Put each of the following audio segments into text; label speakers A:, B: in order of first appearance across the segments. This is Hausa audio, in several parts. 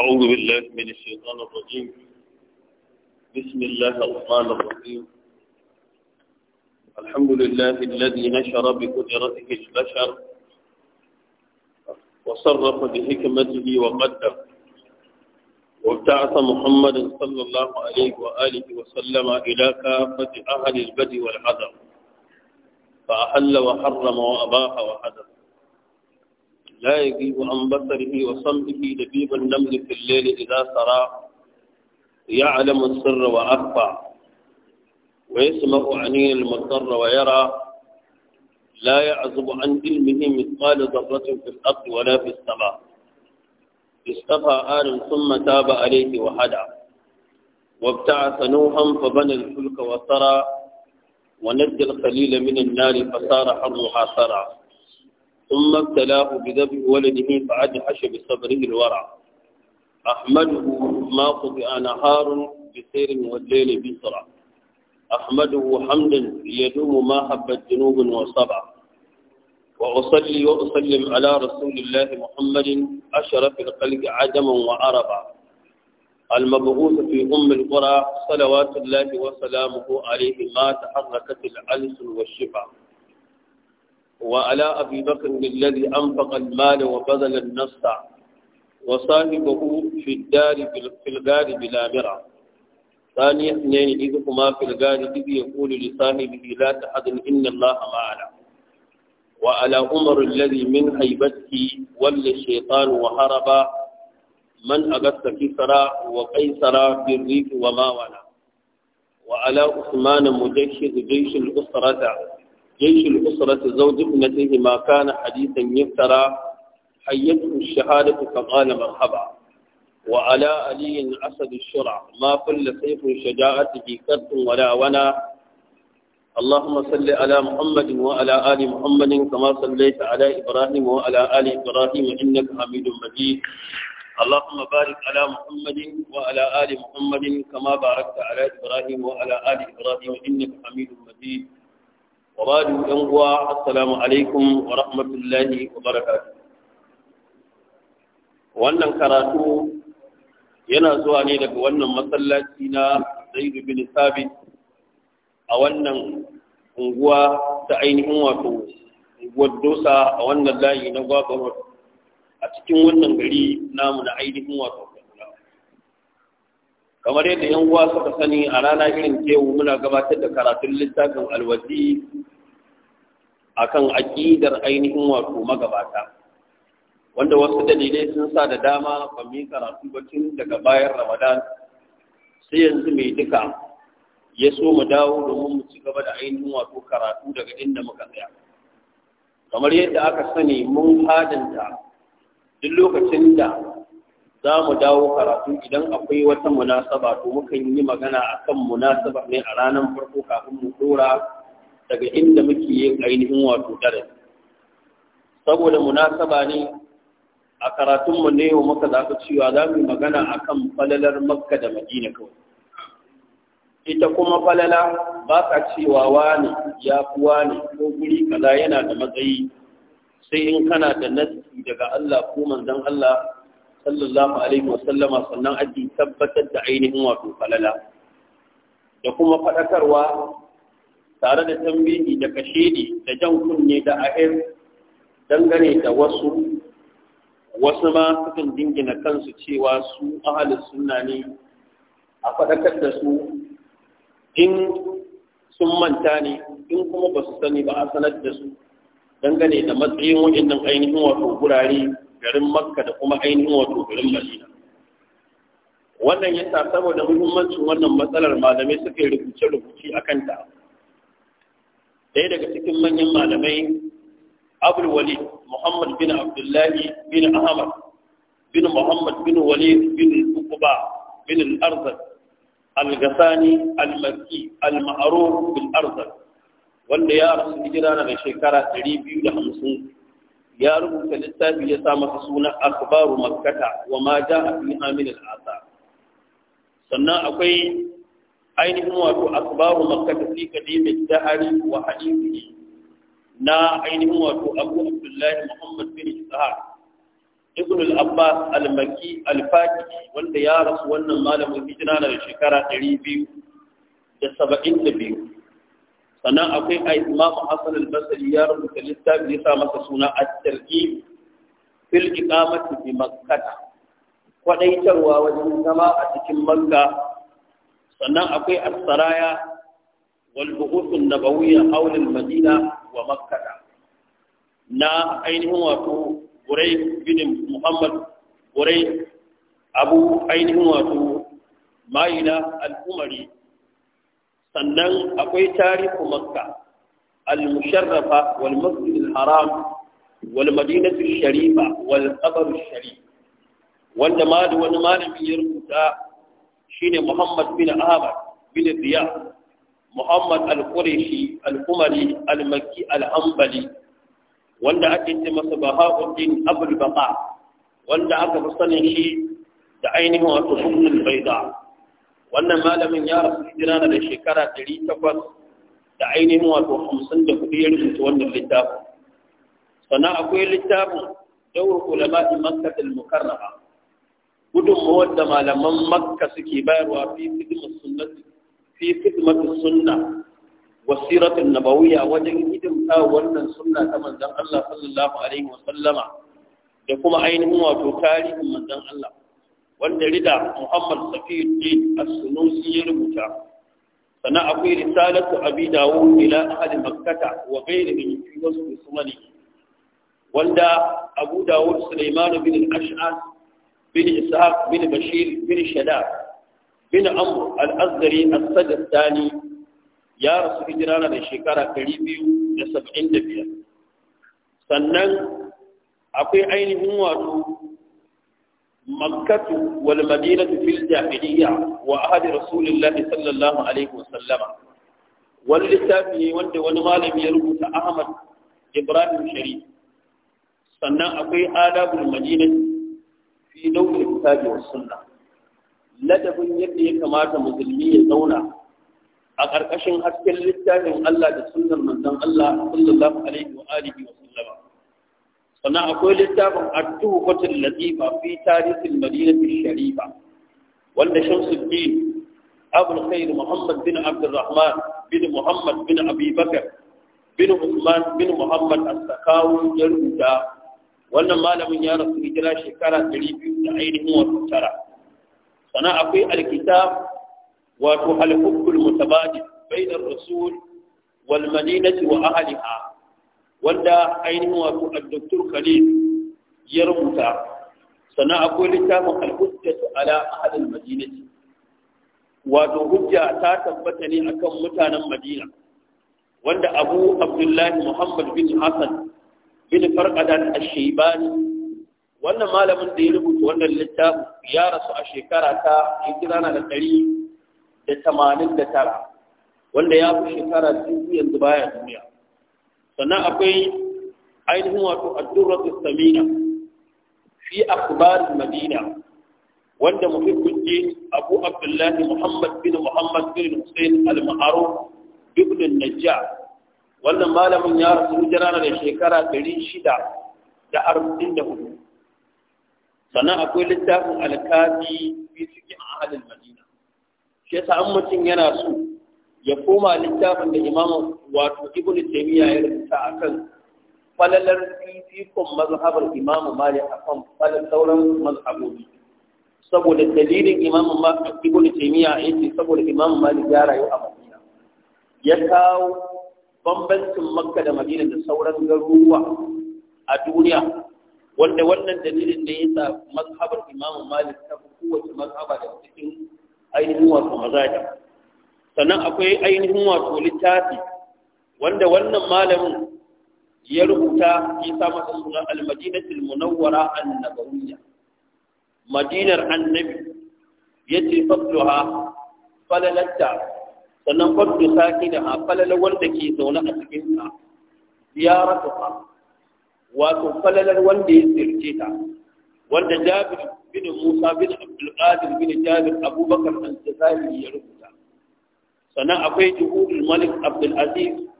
A: أعوذ بالله من الشيطان الرجيم بسم الله الرحمن الرحيم الحمد لله الذي نشر بقدرته البشر وصرف بحكمته وقدر وابتعث محمدا صلى الله عليه وآله وسلم إلى كافة أهل البدء والحذر فأحل وحرم وأباح وحذر لا يجيب عن بصره وصمته لبيب النمل في الليل إذا سرى يعلم السر وأخفى ويسمع عنين المضطر ويرى لا يعزب عن علمه مثقال ذرة في الأرض ولا في السماء اصطفى آل ثم تاب عليه وهدى وابتعث نوحا فبنى الفلك وسرى ونجى الخليل من النار فصار حرها سرى ثم ابتلاه بذبح ولده فأدحش بصبره الورع أحمده ما قطع نهار بسير والليل بسرع أحمده حمدا يدوم ما حبت جنوب وصبع وأصلي وأسلم على رسول الله محمد أشرف الخلق عدما وعربا المبعوث في أم القرى صلوات الله وسلامه عليه ما تحركت العلس والشفع وعلى أبي بكر الذي أنفق المال وبذل النص وصاحبه في الدار في الغار بلا مرة ثاني اثنين إذ هما في الغار إذ يقول لصاحبه لا تحزن إن الله معنا وعلى عمر الذي من هيبته ولى الشيطان وهرب من أغث كسرى وقيسرى بالريف وما ولا وعلى عثمان مجشد جيش الأسرة جيش الأسرة زوج ابنتهما كان حديثا يفترى حيته الشهادة فقال مرحبا وعلى علي أسد الشرع ما كل سيف شجاعته كرت ولا ونا اللهم صل على محمد وعلى آل محمد كما صليت على إبراهيم وعلى آل إبراهيم إنك حميد مجيد اللهم بارك على محمد وعلى آل محمد كما باركت على إبراهيم وعلى آل إبراهيم إنك حميد مجيد uwa, أنقوى السلام عليكم rahmatullahi الله وبركاته wannan karatu yana zuwa ne daga wannan masallaci na zaidu bin sabit a wannan unguwa ta ainihin wato unguwar dosa a wannan layi na gwagwarwar a cikin wannan gari namu na ainihin wato kamar yadda yan uwa suka sani a rana irin kewu muna gabatar da karatun littafin alwazi akan aƙidar ainihin wato magabata wanda wasu dalilai sun sa da dama ba mu yi karatu ba tun daga bayan ramadan sai yanzu mai duka ya so mu dawo domin mu ci gaba da ainihin wato karatu daga inda muka tsaya kamar yadda aka sani mun hadanta duk lokacin da za mu dawo karatu idan akwai wata munasaba to mukan yi magana a kan munasaba ne a ranar farko kafin mu dora daga inda muke yin ainihin wato dare saboda munasaba ne a karatunmu ne maka muka zaɓi cewa za mu yi magana kan falalar makka da madina kawai ita kuma falala ba ka cewa wani ya fi wani ko guri kaza yana da matsayi sai in kana da nasi daga Allah ko manzon Allah sallallahu alaihi wasallama sannan ake tabbatar da ainihin wato falala da kuma faɗakarwa tare da tambihi da ne da jan kunne da ahir dangane da wasu wasu ma sukan dingina kansu cewa su ahalin sunna ne a faɗakar da su in sun manta ne in kuma ba su sani ba a sanar da su dangane da matsayin waɗannan ainihin wato gurare garin makka da kuma ainihin wato garin madina wannan yasa saboda muhimmancin wannan matsalar malamai suka yi rubuce-rubuce a kanta ɗaya daga cikin manyan malamai abul wali muhammad bin abdullahi bin ahmad bin muhammad bin walid bin ukuba bin al-arzak al-gasani al-maki al-ma'ruf bil wanda ya rasu hijira daga shekara 250 ya rubuta littafi ya sa masa suna akhbaru makkata wa ma a fi amil al-asa sannan akwai ainihin wato akhbaru makkata fi qadim al-dahari wa hadithi na ainihin wato Abu Abdullahi Muhammad bin Ishaq ibn al-Abbas al-Makki al-Fatihi wanda ya rasu wannan malamin hijira na shekara 272 sannan akwai a imamu hassan al-basri ya rubuta littafi ya sa masa suna a tarki fil iqamati bi makkah kwadaitarwa wajen zama a cikin makka sannan akwai as-saraya wal buhuth an-nabawiyya hawl al-madina wa makkah na ainihin wato burai bin muhammad burai abu ainihin wato ma'ina al-umari sannan akwai tarihu makka al-musharrafa wal masjid al-haram wal madinatu sharifa wal qabr sharif wanda ma da wani malami ya rubuta shine Muhammad bin Ahmad bin Diya Muhammad al-Qurayshi al-Umari al-Makki al-Hanbali wanda ake ce masa Bahauddin Abul Baqa wanda aka fi sanin shi da ainihin wato Ummul Baida wannan malamin ya rasu hijira da shekara ɗari takwas da ainihin wato hamsin da kuɗi ya rubuta wannan littafin sannan akwai littafin dawar ulama makka al-mukarrama gudunmawar da malaman makka suke bayarwa fi khidmatus sunna wasiratul nabawiyya wajen hidimta wannan sunna ta manzon Allah sallallahu alaihi wasallama da kuma ainihin wato tarihin manzon Allah wanda rida muhammad safiyuddin as-sunusi ya rubuta sannan akwai risalatu abi dawud ila ahli makkata wa ghairihi fi wasu usmani wanda abu dawud sulaiman bin al-ash'ar bin ishaq bin bashir bin shadab bin amr al-azhari as-sajistani ya rasu hijira da shekara 275 sannan akwai ainihin wato مكة والمدينة في الجاهلية وعهد رسول الله صلى الله عليه وسلم واللسافي وند ونمالم يربط أحمد إبراهيم شريف sannan akwai adabul madina fi dawlil kitabi was ladabin yadda ya kamata musulmi ya zauna a ƙarƙashin hasken littafin Allah da sunnar manzon Allah sallallahu alaihi wa alihi wa sallama sannan akwai littafin at-tuhfatul latifa fi tarihin madinati sharifa wanda shamsuddin abul khair muhammad bin abdurrahman bin muhammad bin abi bin usman bin muhammad as-sakawi ya rubuta wannan malamin ya rasu hijira shekara 200 da ainihin wasu tara sannan akwai alkitab wato al-hukm al-mutabadil bainar rasul wal madinati wa ahliha wanda ainihin wato al-doktor khalil ya rubuta sannan akwai littafin al-hujjatu ala ahli al-madinati wato hujja ta tabbata ne akan mutanen madina wanda abu abdullahi muhammad bin hassan bin farqadan ash-shaybani wannan malamin da ya rubuta wannan littafin ya rasu a shekara ta hijira na da ɗari da tamanin da tara wanda ya fi shekara dubu yanzu baya duniya sannan akwai ainihin wato addurratu samina fi akhbar madina wanda muhibbul din abu Abdullahi muhammad bin muhammad bin Hussein al-ma'ruf ibn Najja, wannan malamin ya rasu jirana da shekara hudu. sannan akwai littafin alkafi fi cikin ahalin madina shi yasa an mutum yana so ya koma littafin da imamu wato ibn taymiya ya rubuta akan falalar fifikon mazhabar imamu malik akan falal sauran mazhabobi saboda dalilin imamu malik ibn taymiya yace saboda imamu malik ya rayu a madina ya kawo bambancin makka da madina da sauran garuruwa a duniya wanda wannan dalilin da ya sa mazhabar imamu malik ta fi kowace mazhaba da cikin ainihin wasu mazhabar sannan akwai ainihin wato littafi wanda wannan malamin ya rubuta ya sa masa sunan almadinatul munawwara annabawiyya madinar annabi ya yace fadluha falalatta sannan da sakinaha falala wanda ke zaune a cikin ta ziyaratuha wato falalar wanda ya ziyarce ta wanda Jabir bin Musa bin Abdul Qadir bin Jabir Abubakar al-Jazairi ya rubuta sannan akwai juhudul malik Abdulaziz aziz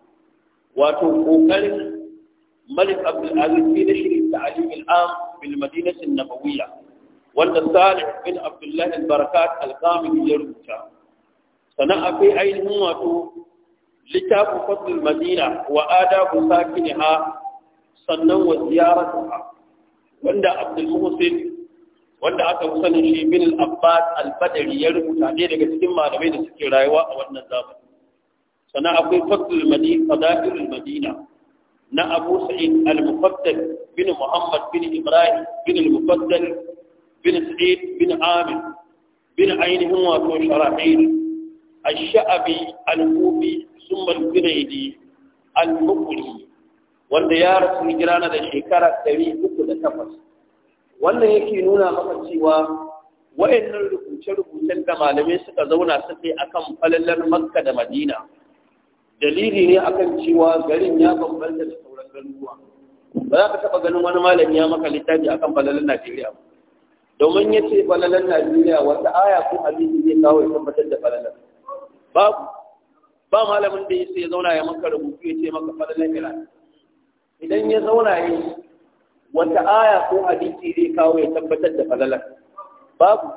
A: wato kokarin malik Abdulaziz aziz fi nashri ta'lim al-am bil madinah nabawiyya wanda salih bin Abdullahi al-barakat al-qamil ya rubuta sannan akwai ainihin wato littafin fadlul madina wa adabu sakiniha sannan wa ziyaratuha wanda abdul muhsin wanda aka fi sanin shi bin al-abbas al-badari ya rubuta ne daga cikin malamai da suke rayuwa a wannan zamani sannan akwai fadlul madina fadailul madina na abu sa'id al-mufaddal bin muhammad bin ibrahim bin al-mufaddal bin sa'id bin amir bin ainihin wato sharahil الشعبي الكوفي ثم al المقري wanda ya rasu hijirana da shekara 308 wannan yake nuna maka cewa wayannan rubuce-rubucen da malamai suka zauna suka yi akan falallar makka da madina dalili ne akan cewa garin ya bambanta da sauran garuruwa ba za ka taɓa ganin wani malami ya maka littafi akan falallar najeriya ba domin ya ce falallar najeriya wata aya ko hadisi zai kawo ya tabbatar da falallar babu ba malamin da ya sai ya zauna ya maka rubutu ya ce maka falallar iran idan ya zauna ya wata aya ko hadisi zai kawo ya tabbatar da falalar babu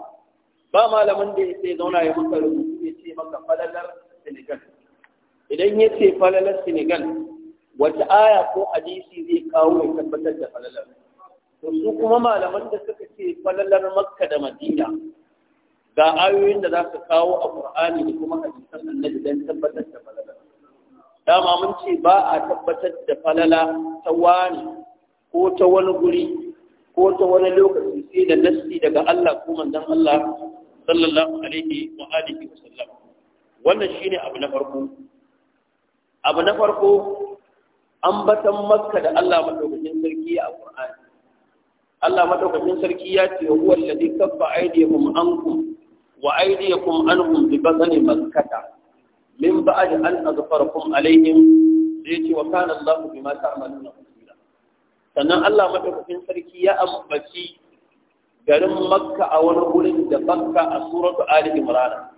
A: ba malamin da ya sai zauna ya maka rubutu ya ce maka falalar Senegal idan ya ce falalar Senegal wata aya ko hadisi zai kawo ya tabbatar da falalar to su kuma malaman da suka ce falalar Makka da Madina ga ayoyin da za su kawo a Qur'ani da kuma hadisan Annabi dan tabbatar da falalar dama mun ce ba a tabbatar da falala ta wani ko ta wani guri ko ta wani lokaci sai da nasi daga Allah ko manzon Allah sallallahu alaihi wa alihi wa sallam wannan shine abu na farko abu na farko an batan makka da Allah madaukakin sarki a Qur'ani Allah madaukakin sarki ya ce huwa alladhi kaffa aydiyakum ankum wa aydiyakum anhum bi batni makkata min ba'd an azfarakum alaihim sai ce wa kana Allah bima ta'maluna sannan Allah madaukakin sarki ya ambaci garin makka a wani wurin da makka a suratu ali imran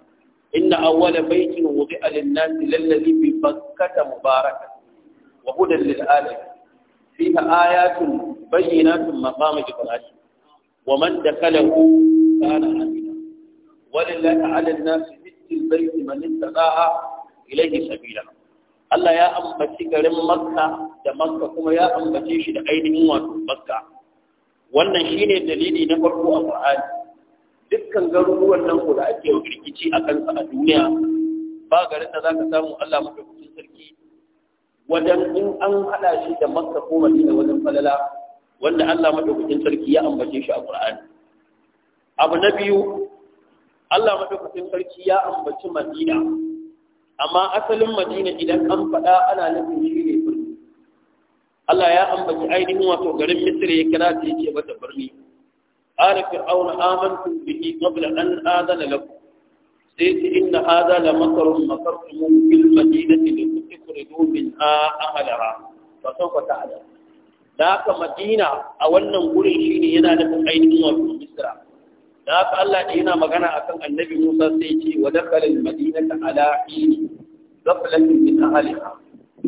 A: inna awwala baitin wudi'a lin-nasi lallazi bi bakkata mubarakan wa hudan lil-alamin fiha ayatun bayyinatun maqamu ibrahim wa man dakalahu kana amina walillahi 'ala an-nasi hajjul bayti man istata'a ilayhi sabila Allah ya ambaci garin makka da makka kuma ya ambace shi da ainihin wato makka wannan shine dalili na farko a qur'ani dukkan garuruwan nan ko da ake rikici a kansa a duniya ba garin da zaka samu Allah madaukakin sarki wajen in an hada shi da makka ko madina wajen falala wanda Allah madaukakin sarki ya ambace shi a qur'ani abu na biyu Allah madaukakin sarki ya ambaci madina amma asalin madina idan an faɗa ana nufin shi ne Allah ya ambaci ainihin wato garin Misr ya kira ta yace mata birni ala fir'auna amantu bihi qabla an adana lakum sai ce inna hadha la makrun makartum fil madinati domin a minha Ba fa sawfa ta'lam da haka madina a wannan gurin shine yana nufin ainihin wato misra da haka Allah ne yana magana akan annabi Musa sai ya ce wa dakhala al-madinata ala hini ghaflatin min ahliha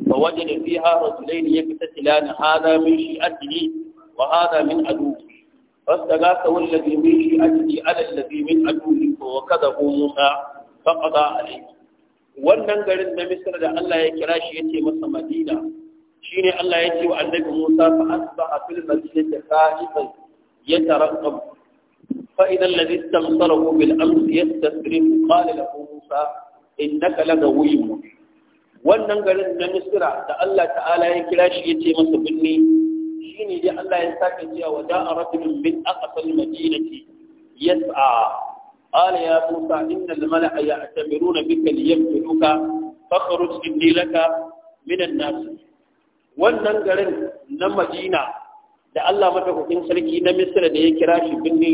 A: فوجد فيها رجلين يقتتلان هذا من شيعته وهذا من عدوه فاستغاثه الذي من شيعته على الذي من عدوه فوكذه موسى فقضى عليه wannan garin na misir da Allah ya kira shi yace masa madina shine Allah ya ce wa annabi Musa fa asbaha fil madinati qa'iman yatarqab fa idan alladhi istamsalahu bil amsi yastasrif qala lahu Musa innaka lagawiyyun wannan garin na misira da Allah ta'ala ya kira shi ya ce masa binni shi ne dai Allah ya sake cewa wa da'a rajulun min aqsal madinati yas'a qala ya musa inna al mala'a ya'tamiruna bika liyabtuluka fakhruj inni laka min an nas wannan garin na Madina da Allah madaukakin sarki na misira da ya kira shi binni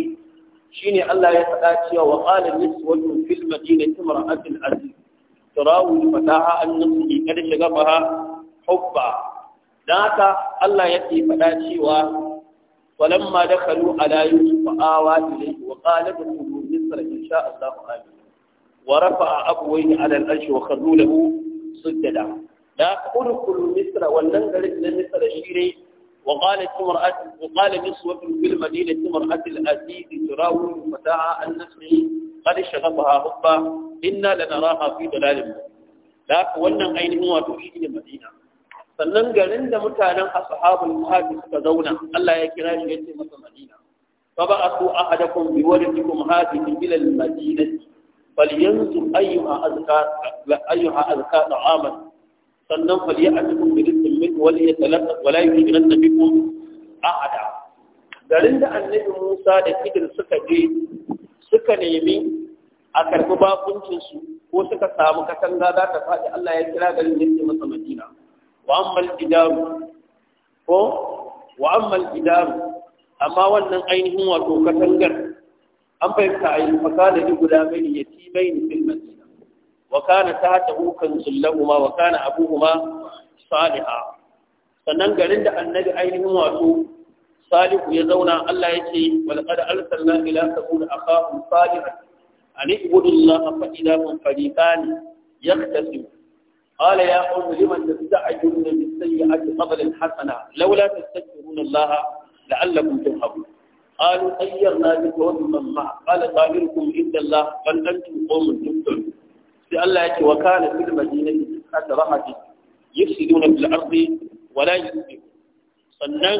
A: shine Allah ya faɗa cewa wa qala niswatun fil madinati mar'atul aziz turawu fataha an nafsihi kada shiga faha hubba dan haka Allah yake faɗa cewa walamma dakhalu ala yusuf awa ilayhi wa qala dukhulu misr in sha Allah amin wa rafa'a abwayhi ala al-arsh wa kharru lahu sujada da udkhulu misr wannan garin na misr shire wa qalat imra'at wa qala niswatun fil madinati imra'at al-aziz turawu fataha an nafsihi qad shaghafaha hubba inna lanaraha fi dalalin da haka wannan ainihin wato shi ne madina sannan garin da mutanen ashabul muhajir suka zauna Allah ya kira shi yace masa madina fa ba'athu ahadakum bi waladikum hadhihi ila al madinati falyanzur ayyuha azka ayyuha azka ta'aman sannan falyatukum bi rizqin min wal yatalaqqa wala yujranna bikum ahada garin da annabi Musa da Idris suka je suka nemi a karɓi bakuncinsu ko suka samu katanga za ta faɗi Allah ya kira garin yake masa Madina wa ammal idaru ko wa ammal idaru amma wannan ainihin wato katangar an fahimta a yi fakana ni guda mai ya ci bai ni fil madina wa kana ta hata hukan zullahuma wa kana abuhuma saliha sannan garin da annabi ainihin wato salihu ya zauna Allah ya ce walqad arsalna ila samud akhahum salihan an ibudu Allah fa idza hum fariqan yaqtasim قال يا قوم لمن تستعجلون sai Allah yake wa kana fil madinati rahati ardi sannan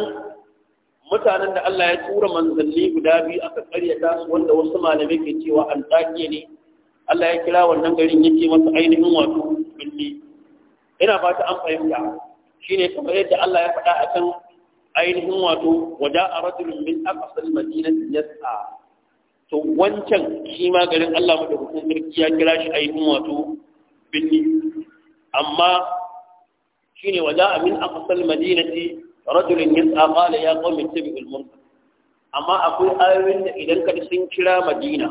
A: mutanen da Allah ya tura manzanni guda biyu aka karyata su wanda wasu malamai ke cewa an tsake ne Allah ya kira wannan garin yake masa ainihin wato billi ina fata an fahimta shine kamar yadda Allah ya faɗa a kan ainihin wato waja a rajulun min aqsal madinati yas'a to wancan shi ma garin Allah madaukakin sarki ya kira shi ainihin wato billi amma shine waja min aqsal madinati rajulun yas'a qala ya qaumi tabi'ul munkar amma akwai ayoyin da idan ka sun kira madina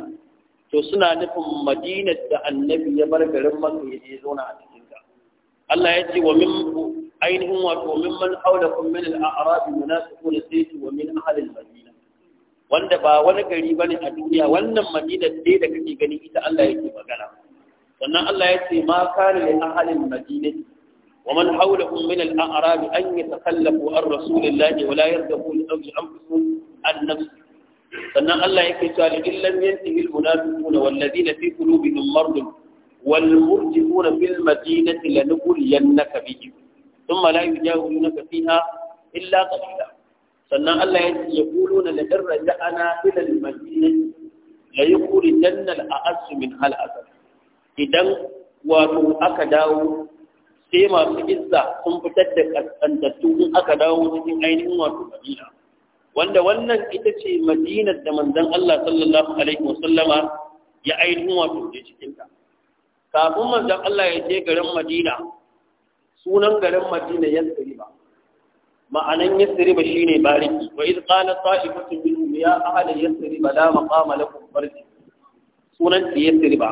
A: to suna nufin madinar da annabi ya bar garin maka ya je zauna a cikin ta Allah ya ce wa min ainihin wato min man haulakum min al-a'rab munafiquna sayti wa min ahli al-madina wanda ba wani gari bane a duniya wannan madina dai da kake gani ita Allah yake magana sannan Allah ya ce ma kana li ahli al-madinati ومن حولهم من الأعراب أن يتخلفوا عن رسول الله ولا يرتبوا لأوج أنفسهم عن نفسه sannan Allah yake cewa in lam yantahi almunafiquna walladhina fi qulubihim marad wal murjifuna fil madinati lanughriyannaka bihim thumma la yujawirunaka fiha illa qalila sannan Allah yake yaquluna la darja'ana ila almadinati la yukhrijanna al-a'azz hal idan wato aka dawo sai masu izza sun fitar da kaskantattu in aka dawo cikin ainihin wato madina wanda wannan ita ce madinar da manzon Allah sallallahu alaihi wasallama ya ainihin wato je cikin ta kafin manzon Allah ya je garin Madina sunan garin Madina Yasriba ma'anan Yasriba shine bariki wa iz qala ta'ifatu minhum ya ahli Yasriba la maqama lakum farji sunan ya Yasriba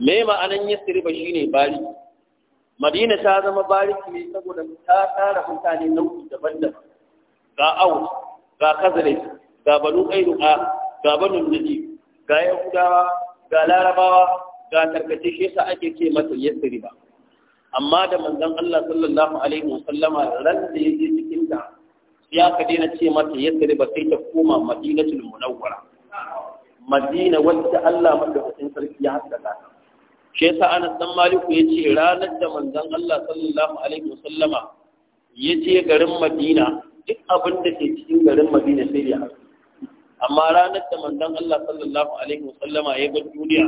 A: me ma'anan Yasriba shine bariki madina ta zama bariki ne saboda ta tara mutane nau'i daban-daban ga aus ga kazare ga banu qainuqa ga banu Nadi, ga yahudawa ga larabawa ga tarkace shi yasa ake ce mata ba. amma da manzon Allah sallallahu alaihi wasallama ran da yake cikin ta ya ka daina ce mata ba sai ta koma madinatul munawwara madina wacce Allah madaukakin sarki ya haskaka ta shi yasa Anas dan Maliku yace ranar da manzon Allah sallallahu alaihi wasallama yaje garin Madina duk abin da ke cikin garin Madina sai ya haka amma ranar da manzon Allah sallallahu alaihi wasallama ya ga duniya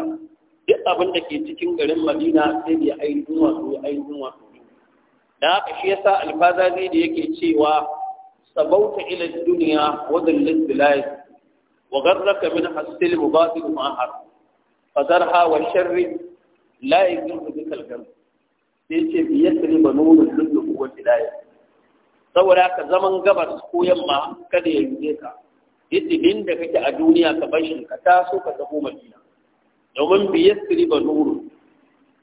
A: duk abin da ke cikin garin Madina sai ya ainihin wato ya ainihin wato da haka shi yasa alfazazi da yake cewa sabauta ila duniya wa dhillat bilayat وغرك منها السلم باطل ماهر فذرها والشر la yuzurku bikal gam sai ce bi yasri manurun lullu wa bidaya saboda ka zaman gabas ko yamma kada ya yuze ka hidin da kake a duniya ka bashi ka taso ka zabo madina domin bi ba manurun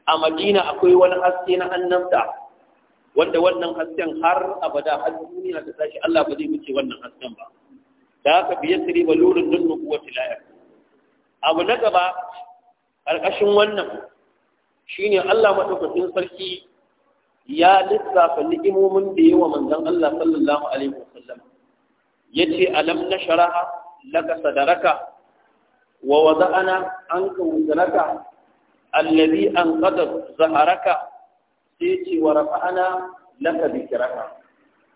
A: a madina akwai wani haske na annabta wanda wannan hasken har abada har duniya ta tashi Allah ba zai wuce wannan hasken ba da haka biyar siri ba lurin dun nubuwa tilayar abu na gaba ƙarƙashin wannan shine Allah madaukakin sarki ya lissafa ni'imomin da yawa manzon Allah sallallahu alaihi wasallam yace alam nasharaha laka sadaraka wa wada'ana anka wuzanaka alladhi anqadha zaharaka sai ce wa rafa'ana laka dhikraka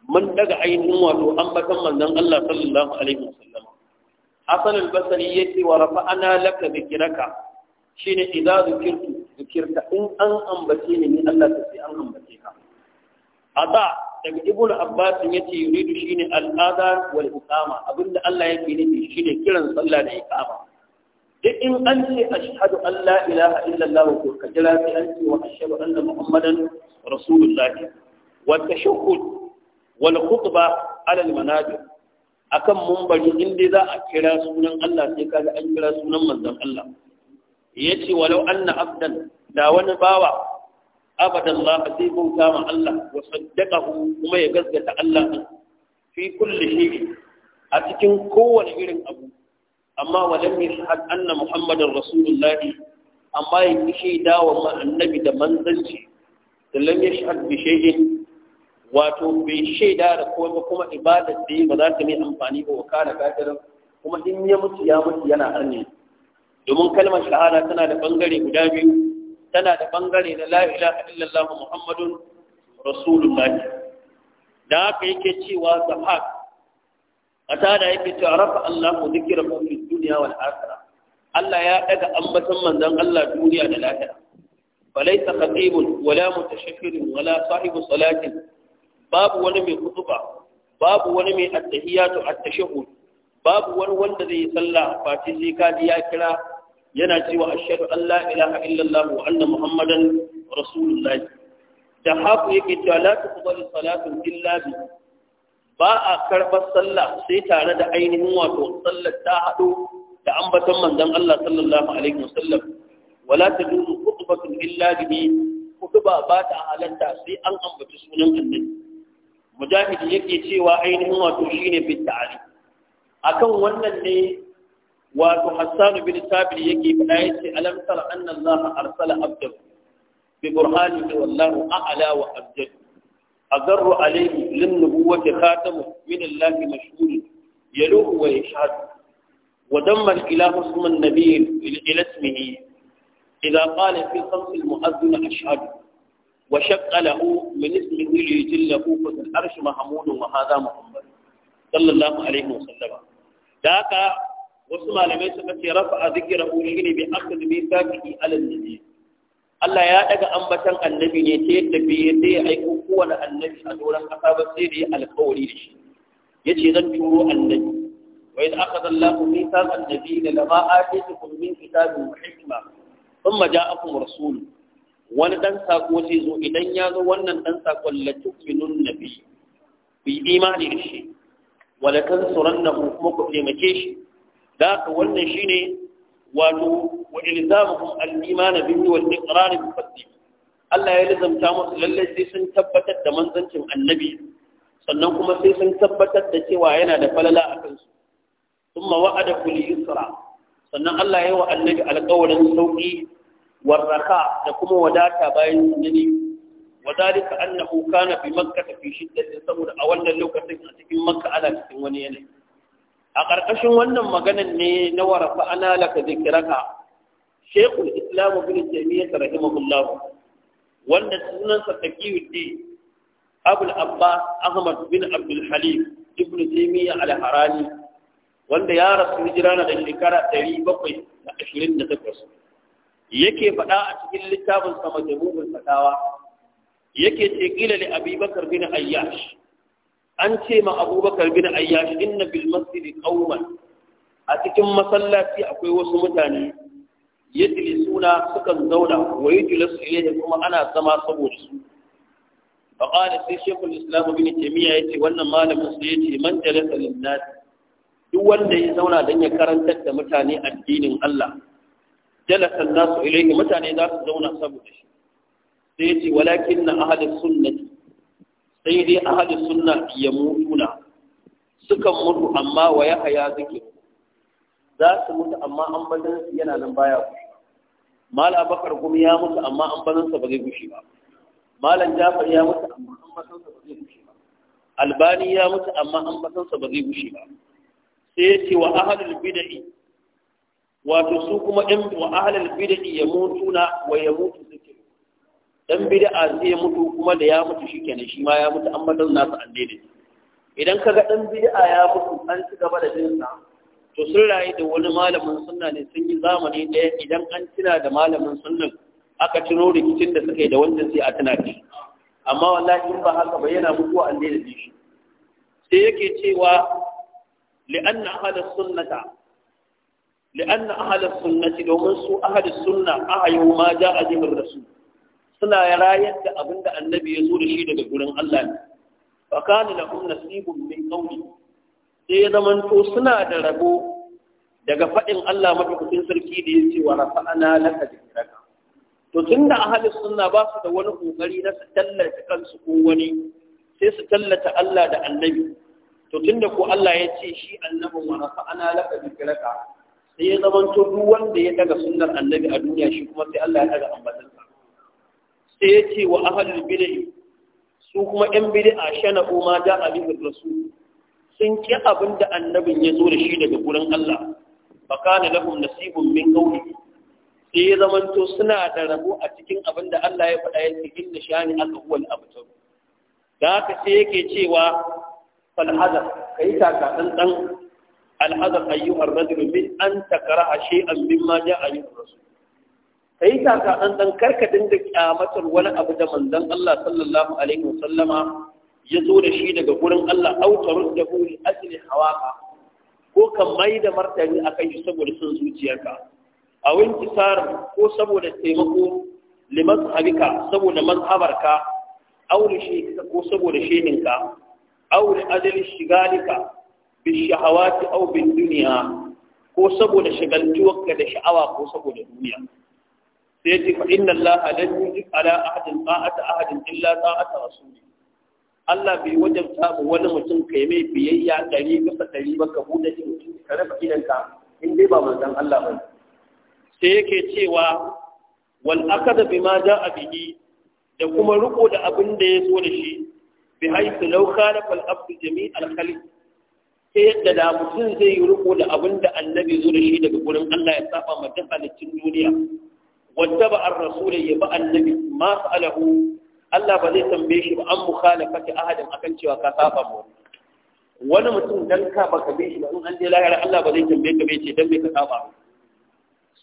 A: mun daga ainihin wato ambatan manzon Allah sallallahu alaihi wasallam Hassan al-Basri yace wa rafa'ana laka dhikraka shine idza zikirtu zikirta in an ambace ni ni Allah ta sai an ambace ka ada daga ibnu abbas ce yuridu shine al'adar adhan wal iqama abinda Allah yake nufi shine kiran sallah da iqama duk in an ce ashhadu an la ilaha illallah ko ka jira sai an ce wa ashhadu anna muhammadan rasulullah wa tashahhud wal khutba ala al manabir akan mumbari inda za a kira sunan Allah sai kaga an kira sunan manzon Allah yace walau anna abdan da wani bawa abadan Allah sai bauta Allah wa saddaqahu kuma ya gaskata Allah fi kulli shay'in a cikin kowane irin abu amma walam yashhad anna muhammadar rasulullahi amma ya kishi dawo annabi da manzanci da lam yashhad bi shay'in wato bai shaida da komai kuma ibadar da ba za ta yi amfani ba wa kana kafirin kuma in ya mutu ya mutu yana arni domin kalmar shahada tana da bangare guda biyu tana da bangare na la ilaha illallah muhammadun rasulullah da haka yake cewa zahaq kata da yake cewa rafa allahu dhikrahu fi duniya wal akhirah Allah ya daga ambaton manzon Allah duniya da lahira falaysa khatibun wala mutashakkirin wala sahibu salatin babu wani mai kutuba babu wani mai attahiyatu at-tashahhud babu wani wanda zai yi sallah face sai Kadi ya kira yana cewa ashhadu an la ilaha illallah wa anna muhammadan rasulullah da haku yake cewa la tuqbalu salatu illa bi ba a karɓar sallah sai tare da ainihin wato sallar ta haɗo da ambaton manzon Allah sallallahu alaihi wasallam wala tajuzu khutbatun illa bi khutba ba ta halatta sai an ambaci sunan annabi mujahidi yake cewa ainihin wato shine bi ta'ali akan wannan ne wato hassan bin sabir yake fada yace alam tara anna allah arsala abdah bi burhani wa allah a'la wa abjad azr alayhi lin nubuwati khatam min allah mashhur yalu wa yashhad wa damma al ilah ism an nabi ila ismihi idha qala fi sawt al muazzin ashhad wa shaqqa lahu min ismihi li yajlahu fa al arsh mahmud wa hadha muhammad sallallahu alayhi wa sallam da haka wasu malamai suka ce rafa a zikira shi ne bai aka zubi sabi'i alal nabi Allah ya daga ambatan annabi ne ta yadda bai yadda ya aiko kowane annabi a doron kasa ba sai da ya alkawari da shi ya ce zan turo annabi wa yadda aka zalla ku nisa annabi da lama a ce su kumbin kitabin hikima sun maja akun rasulu wani dan sako zai zo idan ya zo wannan dan sakon la tu'minun nabi bi imani da shi wala tansurannahu kuma ku taimake shi da haka wannan shine wato wa ilzamuhum al-iman bihi wal iqrar bi fadli Allah ya lazamta musu lalle sai sun tabbatar da manzancin annabi sannan kuma sai sun tabbatar da cewa yana da falala a kansu thumma wa'ada kul yusra sannan Allah ya yi wa annabi alƙawarin sauki warraka da kuma wadata bayan sunani wadalika annahu kana bi makkah fi shiddatin saboda a wannan lokacin a cikin makka ana cikin wani yanayi a ƙarƙashin wannan maganan ne na warafa ana laka zikiraka shekul islam ibn taymiyyah rahimahullah wanda sunan taqiyuddin abul abbas ahmad bin abdul halim ibn taymiyyah al-harani wanda ya rasu hijirana da shekara 728 yake faɗa a cikin littafin sa majmu'ul fatawa yake ce kila li abubakar bin ayyash an ce ma abubakar bin ayyashi, inna bil masjidi qauman a cikin masallaci akwai wasu mutane suna sukan zauna wa yajlisu ilayhi kuma ana zama saboda su fa qala sai shaykhul islam bin taymiya yace wannan malamin sai yace man jalasa lin nas duk wanda ya zauna dan ya karantar da mutane addinin Allah jalasa nasu ilayhi mutane za su zauna saboda shi sai yace walakin na ahli sunnati sai dai ahli sunna ya mutuna sukan mutu amma waya yahya zikiru za su mutu amma an bazan yana nan baya gushi mal abakar kuma ya mutu amma an bazan sa ba zai gushi ba malam jafar ya mutu amma an bazan sa ba zai gushi ba albani ya mutu amma an bazan sa ba zai gushi ba sai ya ce wa ahlul bid'i wato su kuma in wa ahlul bid'i yamutuna wa ya mutu yamutu dan bid'a zai mutu kuma da ya mutu shikenan shi ma ya mutu amma madan nasu an daidai idan kaga dan bid'a ya mutu an ci gaba da jin to sun rayu da wani malamin sunna ne sun yi zamani ɗaya idan an tuna da malamin sunnan aka tuno rikicin da suka yi da wanda sai a tuna shi amma wallahi in ba haka ba yana mutuwa an daidai shi sai yake cewa لأن أهل السنة لأن أهل السنة لو من سوء أهل السنة أعيوا ما جاء به الرسول suna rayar da abin da annabi ya zo da shi daga gurin Allah ne fa kana lahum nasibun min qawli sai zaman to suna da rabo daga fadin Allah madaukakin sarki da ya ce wa rafa'ana laka dhikraka to tunda ahlus sunna ba su da wani kokari na su tallata kansu ko wani sai su tallata Allah da annabi to tunda ko Allah ya ce shi annabin wa rafa'ana laka dhikraka sai ya zaman to duk wanda ya daga sunnar annabi a duniya shi kuma sai Allah ya daga ambatansa sai ya ce wa ahalin bid'i su kuma yan a shana ma da alihur rasu sun ƙi abin da annabin ya zo da shi daga gurin Allah ka na lahum nasibin min qawli sai ya zamanto suna da rabo a cikin abin da Allah ya faɗa ya cikin da shani aka huwal abtar da aka sai yake cewa falhazar ka yi taka ɗan ayyuhar min an takraha shay'an mimma ja'a min ka yi taka ɗanɗan karka dinga kyamatar wani abu da manzon Allah sallallahu alaihi wasallama ya zo da shi daga gurin Allah autarun da buri asli hawaka ko kan mai da martani a shi saboda son zuciyarka a winki tsar ko saboda taimako liman habika saboda mazhabarka aure shi ko saboda sheninka aure adali shigalika bi shahawati aw bin duniya ko saboda shagaltuwarka da sha'awa ko saboda duniya sai ce fa inna Allah lan yujib ala ahadin ta'ata ahadin illa ta'ata rasuli Allah bai wajen ba wani mutum kai mai biyayya dari bisa ɗari ba ka buɗe shi ka rufe ka, in dai ba manzon Allah ba sai yake cewa wal akada bima ja'a bihi da kuma riko da abin da ya so da shi bi haythu law kana fal abdu jami' al sai yadda da mutum zai yi riko da abin da annabi zo da shi daga gurin Allah ya saba ma duk halittun duniya wattaba ar-rasul ya ba annabi ma sa'alahu Allah ba zai tambaye shi ba an mukhalafati ahadin akan cewa ka saba mu wani mutum dan ka baka bi shi ba in an je lahira Allah ba zai tambaye ka bai ce dan bai ka saba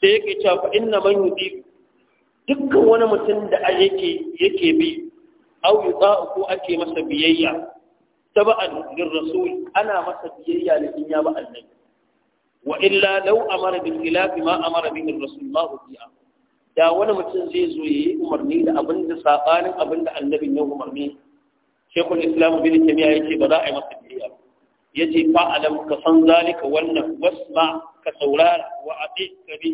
A: sai yake cewa fa inna man yudi dukkan wani mutum da yake yake bi au yuta ko ake masa biyayya taba'an lirrasul ana masa biyayya da in ya ba annabi wa illa law amara bil khilafi ma amara bihi ar-rasul ma hudiya da wani mutum zai zo ya yi umarni da abin da saɓanin abin da annabin ya umarni shekul islam bin tamiya ya ce ba za a yi masa biyayya ba ya ce fa'alam ka san zalika wannan wasma ka saurara wa abi ka bi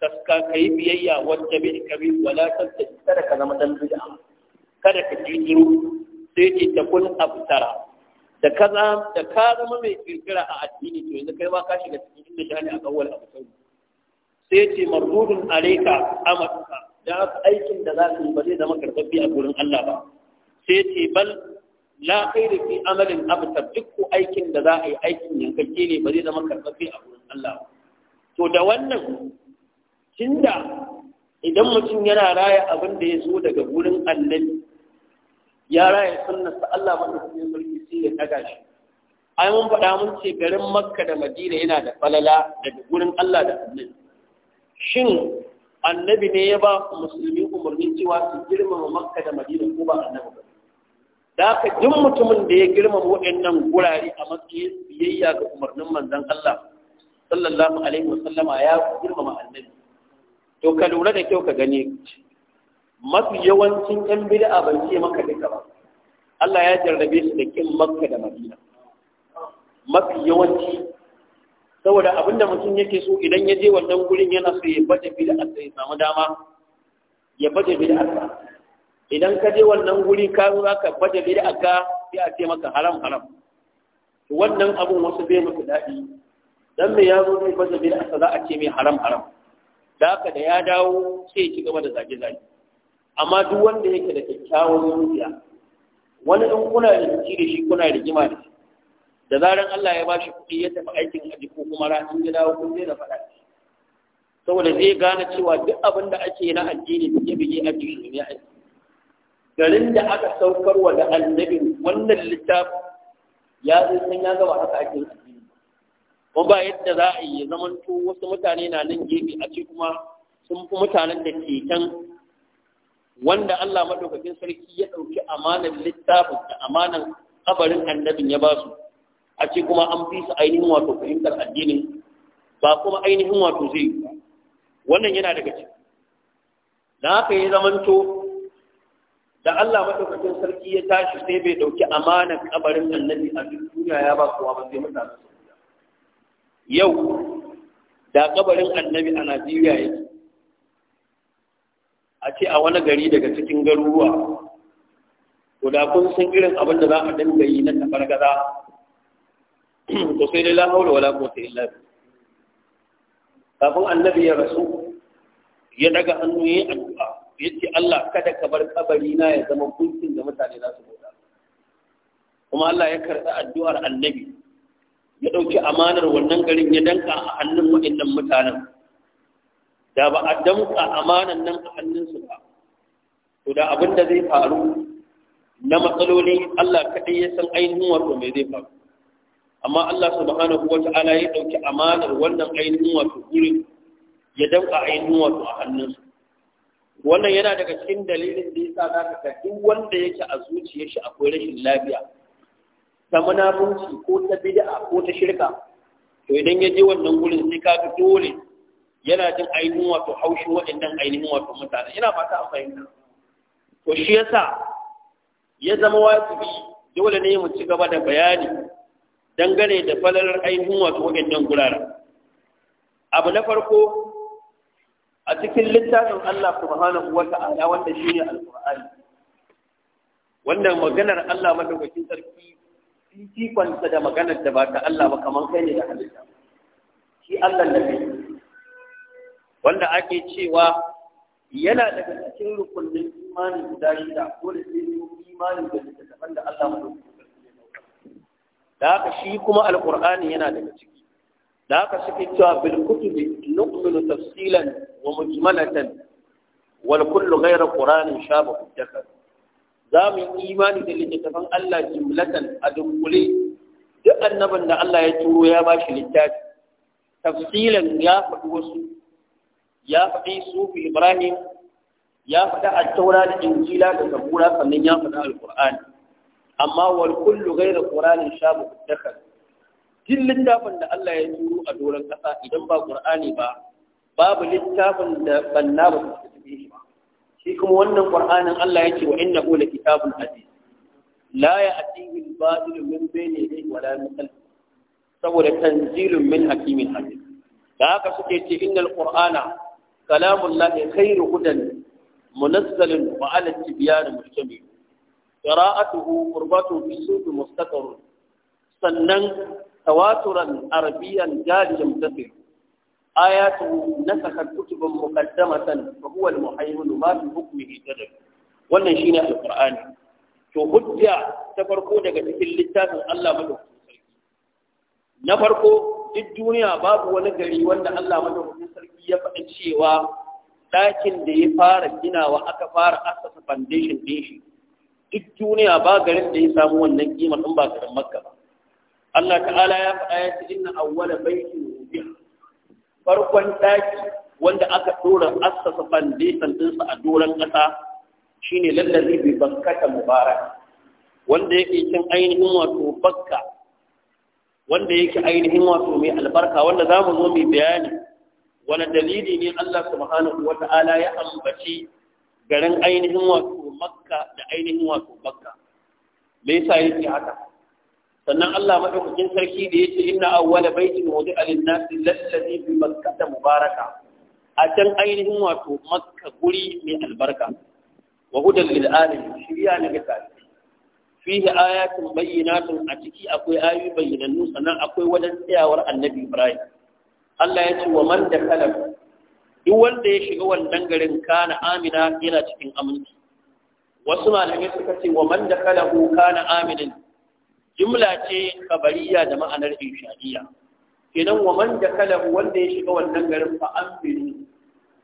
A: ka yi biyayya wacce bi ka bi wala tattaci kada ka zama dan bid'a kada ka kirkiro sai ce ta kun abtara da ka zama mai kirkira a addini to yanzu kai ba ka shiga cikin inda shani a kawwal abu sauri sai ce marbudun alaika amaduka da haka aikin da za su yi ba zai zama karfafi a gurin Allah ba sai ce bal la kai fi amalin abtar duk aikin da za a yi aikin yankakke ne ba zai zama karfafi a gurin Allah ba to da wannan tunda idan mutum yana raya abin da ya zo daga gurin Allah ya raya sa Allah yi sarki sai ya daga shi ai mun faɗa mun ce garin makka da madina yana da falala daga gurin Allah da annabi shin annabi ne ya ba musulmi umarni cewa su girmama makka da madina ko ba annabi ba da ka jin mutumin da ya girmama waɗannan gurare a matsayin biyayya ga umarnin manzon Allah sallallahu alaihi wasallama ya girmama annabi to ka lura da kyau ka gane mafi yawancin yan bid'a ban ce maka duka ba Allah ya jarrabe su da kin makka da madina mafi yawanci saboda abinda mutum yake so idan ya je wannan gurin yana so ya bada bid'a sai ya samu dama ya bada bid'a idan ka je wannan guri ka zo baje bada bid'a ka sai a ce maka haram haram wannan abun wasu bai musu daɗi dan me ya zo zai bada bid'a za a ce mai haram haram da haka da ya dawo sai ki gaba da zage zage amma duk wanda yake da kyakkyawan zuciya wani in kuna da shi kuna rigima da shi da zaran Allah ya bashi kuɗi ya tafi aikin haji ko kuma ranar gida ko kun zai da faɗa saboda zai gane cewa duk abin da ake na addini bige bige a cikin duniya ai garin da aka saukar wa da annabin wannan littafi ya zai san ya gaba haka ake addini kuma ba yadda za a yi zaman to wasu mutane na nan gefe a ce kuma sun fi mutanen da ke can wanda Allah madaukakin sarki ya ɗauki amanar littafin da amanar kabarin annabin ya ba su a ce kuma an fi su ainihin wato fahimtar addinin ba kuma ainihin wato zai yi wannan yana daga ciki da haka ya zamanto da Allah madaukakin sarki ya tashi sai bai dauki amana kabarin annabi a duk duniya ya ba kowa ba sai mutane su yau da kabarin annabi a Najeriya yake a ce a wani gari daga cikin garuruwa to da kun san irin abin da za a dinga yi na tafargaza to sai dai la haula wala quwwata illa billah kafin annabi ya rasu ya daga hannu yayi addu'a yace Allah kada ka bar kabari na ya zama gunkin da mutane za su bauta kuma Allah ya karɓi addu'ar annabi ya ɗauki amanar wannan garin ya danka a hannun waɗannan mutanen da ba a damka amanar nan a hannunsu ba to da abin da zai faru na matsaloli Allah kadai ya san ainihin wato mai zai faru amma Allah subhanahu ta'ala ya ɗauki amanar wannan ainihin wato gurin ya danka ainihin wato a hannunsa wannan yana daga cikin dalilin da yasa ka ga duk wanda yake a zuciyar shi akwai rashin lafiya ta munafunci ko ta bid'a ko ta shirka to idan ya je wannan gurin sai ka ga dole yana jin ainihin wato haushi waɗannan ainihin wato mutane Ina fata a fahimta to shi yasa ya zama wajibi dole ne mu ci gaba da bayani dangane da falalar ainihin wato waɗannan guraren abu na farko a cikin littafin Allah subhanahu wa ta'ala wanda shi shine alqur'ani wannan maganar Allah madaukakin sarki fifikonsa da maganar da ba ta Allah ba kamar kai ne da halitta shi Allah da kai wanda ake cewa yana daga cikin rukunin imanin guda shida ko da sai imani da littattafan da Allah madaukakin da haka shi kuma alkur'ani yana daga ciki da haka suke cewa bil kutubi nu'minu tafsilan wa mujmalatan wal kullu ghayra qur'anin shabahu za mu yi imani da littattafan Allah jimlatan a dunkule duk annabin da Allah ya turo ya ba shi littafi tafsilan ya faɗi wasu ya faɗi sufi ibrahim ya faɗi attaura da injila da zabura sannan ya faɗi alƙur'ani amma wal kullu ghayra qur'anin shabu dakal duk littafin da Allah ya turo a doron kasa idan ba qur'ani ba babu littafin da banna ba su tafi shi ba shi kuma wannan qur'anin Allah yake wa innahu la kitabun aziz la ya'tihi al-batil min bayni yadayhi wala min khalfihi saboda tanzilun min hakimin hakim da haka suke ce innal qur'ana kalamullahi khairu hudan منزل وعلى التبيان مجتمع قراءته qurbatu fi suq mustaqarr sannan tawaturan arabiyan jaliyan tafsir ayatu nasakhat kutubun muqaddamatan fa huwa al-muhaymin ma fi wannan shine alqur'ani to hujja ta farko daga cikin littafin Allah madaukakin sarki na farko duk duniya babu wani gari wanda Allah madaukakin sarki ya faɗi cewa ɗakin da ya fara ginawa aka fara asasa foundation duk duniya ba garin da ya samu wannan kima in ba garin makka ba Allah ta'ala ya faɗa ya ce inna awwala baitin rubiya farkon daki wanda aka dora assasa foundation dinsa a doran ƙasa shine lallazi bi bakkata mubarak wanda yake cin ainihin wato bakka wanda yake ainihin wato mai albarka wanda za mu zo mai bayani wani dalili ne Allah subhanahu wa ta'ala ya ambaci garin ainihin wato makka da ainihin wato makka me yasa yake haka sannan Allah madaukakin sarki da yace inna awwala baitin wudi'a lin-nasi lallazi bi makkah mubaraka a can ainihin wato makka guri mai albarka wa hudan lil alamin shiriya ne ga tsari fihi ayatun bayyinatun a ciki akwai ayoyi bayyinannu sannan akwai wajen tsayawar annabi Ibrahim Allah ya ce wa man da duk wanda ya shiga wannan garin kana amina yana cikin aminci wasu malamai suka ce wa man dakalahu kana aminin jumla ce kabariya da ma'anar insha'iya. kenan wa man dakalahu wanda ya shiga wannan garin fa aminu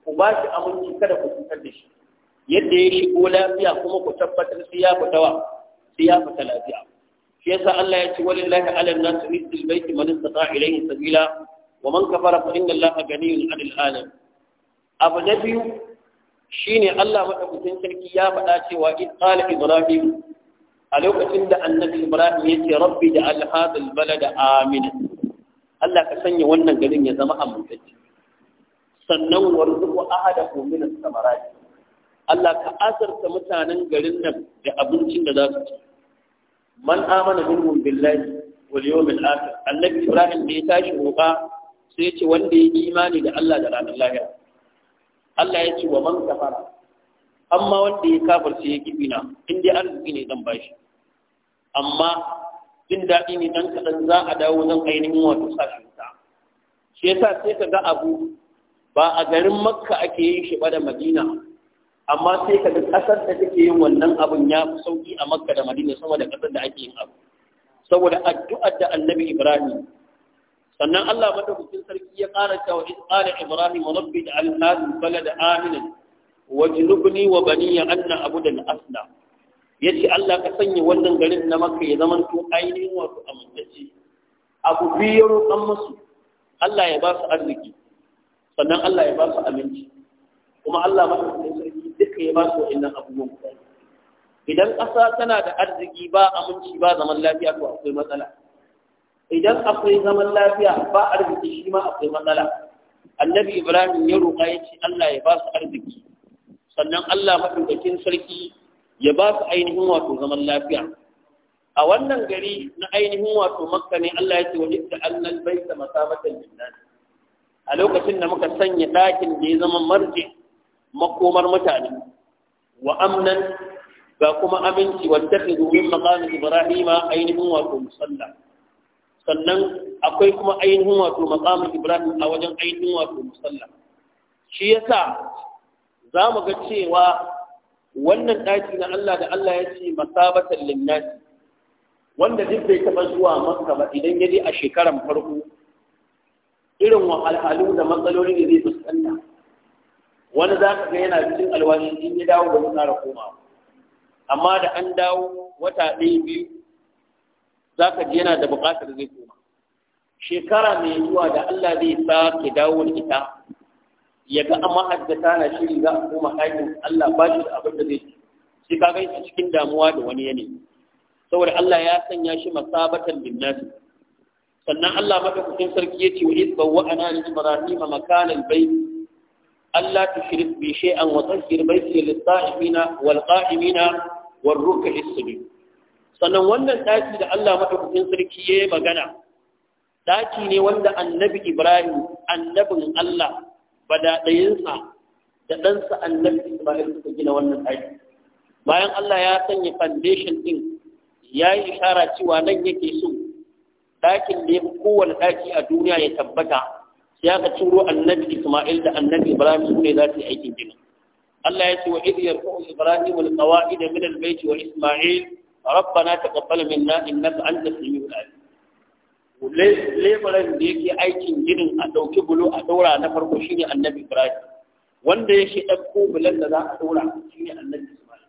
A: ku ba shi aminci kada ku fitar da shi yadda ya shigo lafiya kuma ku tabbatar sai ya fita wa sai ya fita lafiya shi yasa Allah ya ce walillahi ala an-nas rizqul bayti man istata'a ilayhi sabila wa man kafara fa inna Allaha ganiyyun 'anil 'alamin abu na biyu ne Allah madaukakin sarki ya faɗa cewa in qala ibrahim a lokacin da annabi ibrahim ya ce rabbi da Alhazal bala da amina Allah ka sanya wannan garin ya zama amintacce sannan warzuqu ahadahu min as-samarat Allah ka asarta mutanen garin nan da abincin da za su ci man amana minhum billahi wal yawmil akhir annabi ibrahim da ya tashi roƙa sai ya ce wanda ya imani da Allah da ranar lahira Allah ya ce wa man kafara amma wanda ya kafirce ya kibina in dai arziki ne zan bashi amma jin daɗi ne dan kaɗan za a dawo zan ainihin wato shi ta shi yasa sai ka ga abu ba a garin makka ake yin shi ba da madina amma sai ka ga ƙasar da take yin wannan abun ya fi sauƙi a makka da madina sama da ƙasar da ake yin abu saboda addu'ar da annabi ibrahim sannan Allah madaukakin sarki ya ƙara cewa in qala ibrahim rabbi ja'al hadha balada aminan wajnubni wa baniya an na'budu al-asnam yace Allah ka sanya wannan garin na Makka ya zama to ainihin wato amintacce abu biyu roƙan musu Allah ya ba su arziki sannan Allah ya ba su aminci kuma Allah madaukakin sarki duka ya ba su wa'annan abubuwan idan ƙasa tana da arziki ba aminci ba zaman lafiya to akwai matsala idan akwai zaman lafiya ba arziki shi ma akwai matsala annabi ibrahim ya roƙa ya ce allah ya ba su arziki sannan allah maɗaukakin sarki ya ba su ainihin wato zaman lafiya a wannan gari na ainihin wato makka ne allah ya ce wa idda annal baita masabatan linnas a lokacin da muka sanya ɗakin da ya zama marje makomar mutane wa amnan ga kuma aminci wa takhidhu min maqami ibrahima ainihin wato musalla sannan akwai kuma ainihin wato maqamin ibrahim a wajen ainihin wato musalla shi yasa za mu ga cewa wannan ɗaki na Allah da Allah ya ce masabatan linnasi wanda duk bai taɓa zuwa makka ba idan ya je a shekaran farko irin wahalhalu da matsaloli ne zai fuskanta wani za ka ga yana cikin alwashi in ya dawo da wata koma amma da an dawo wata ɗaya biyu za ka yana da buƙatar zai koma shekara mai zuwa da Allah zai sa dawo da ita ya ga amma haddata na shiri za a koma ɗakin Allah ba shi da abin da zai ci sai ka cikin damuwa da wani yanayi saboda Allah ya sanya shi masabatan linnas sannan Allah madaukakin sarki ce wa iz bawwa'ana li ibrahim makana albayt Allah tushrik bi shay'an wa tahhir baiti lis-sa'imina wal-qa'imina war-ruk'i sujud sannan wannan ɗaki da Allah madaukakin sarki ya yi magana ɗaki ne wanda annabi Ibrahim annabin Allah badaɗayinsa da ɗansa annabi Ibrahim suka gina wannan ɗaki bayan Allah ya sanya foundation ɗin ya yi ishara cewa nan yake so ɗakin da ya fi kowane ɗaki a duniya ya tabbata sai aka turo annabi Ismail da annabi Ibrahim su ne za su yi aikin gina Allah ya ce wa idiyar ko Ibrahim al-qawa'id min al-bayt wa Isma'il ربنا تقبل منا انك انت السميع العليم leburan da yake aikin ginin a ɗauki bulo a daura na farko shine annabi ibrahim wanda ya shi ɗauko bulan da za a ɗora shine annabi ismail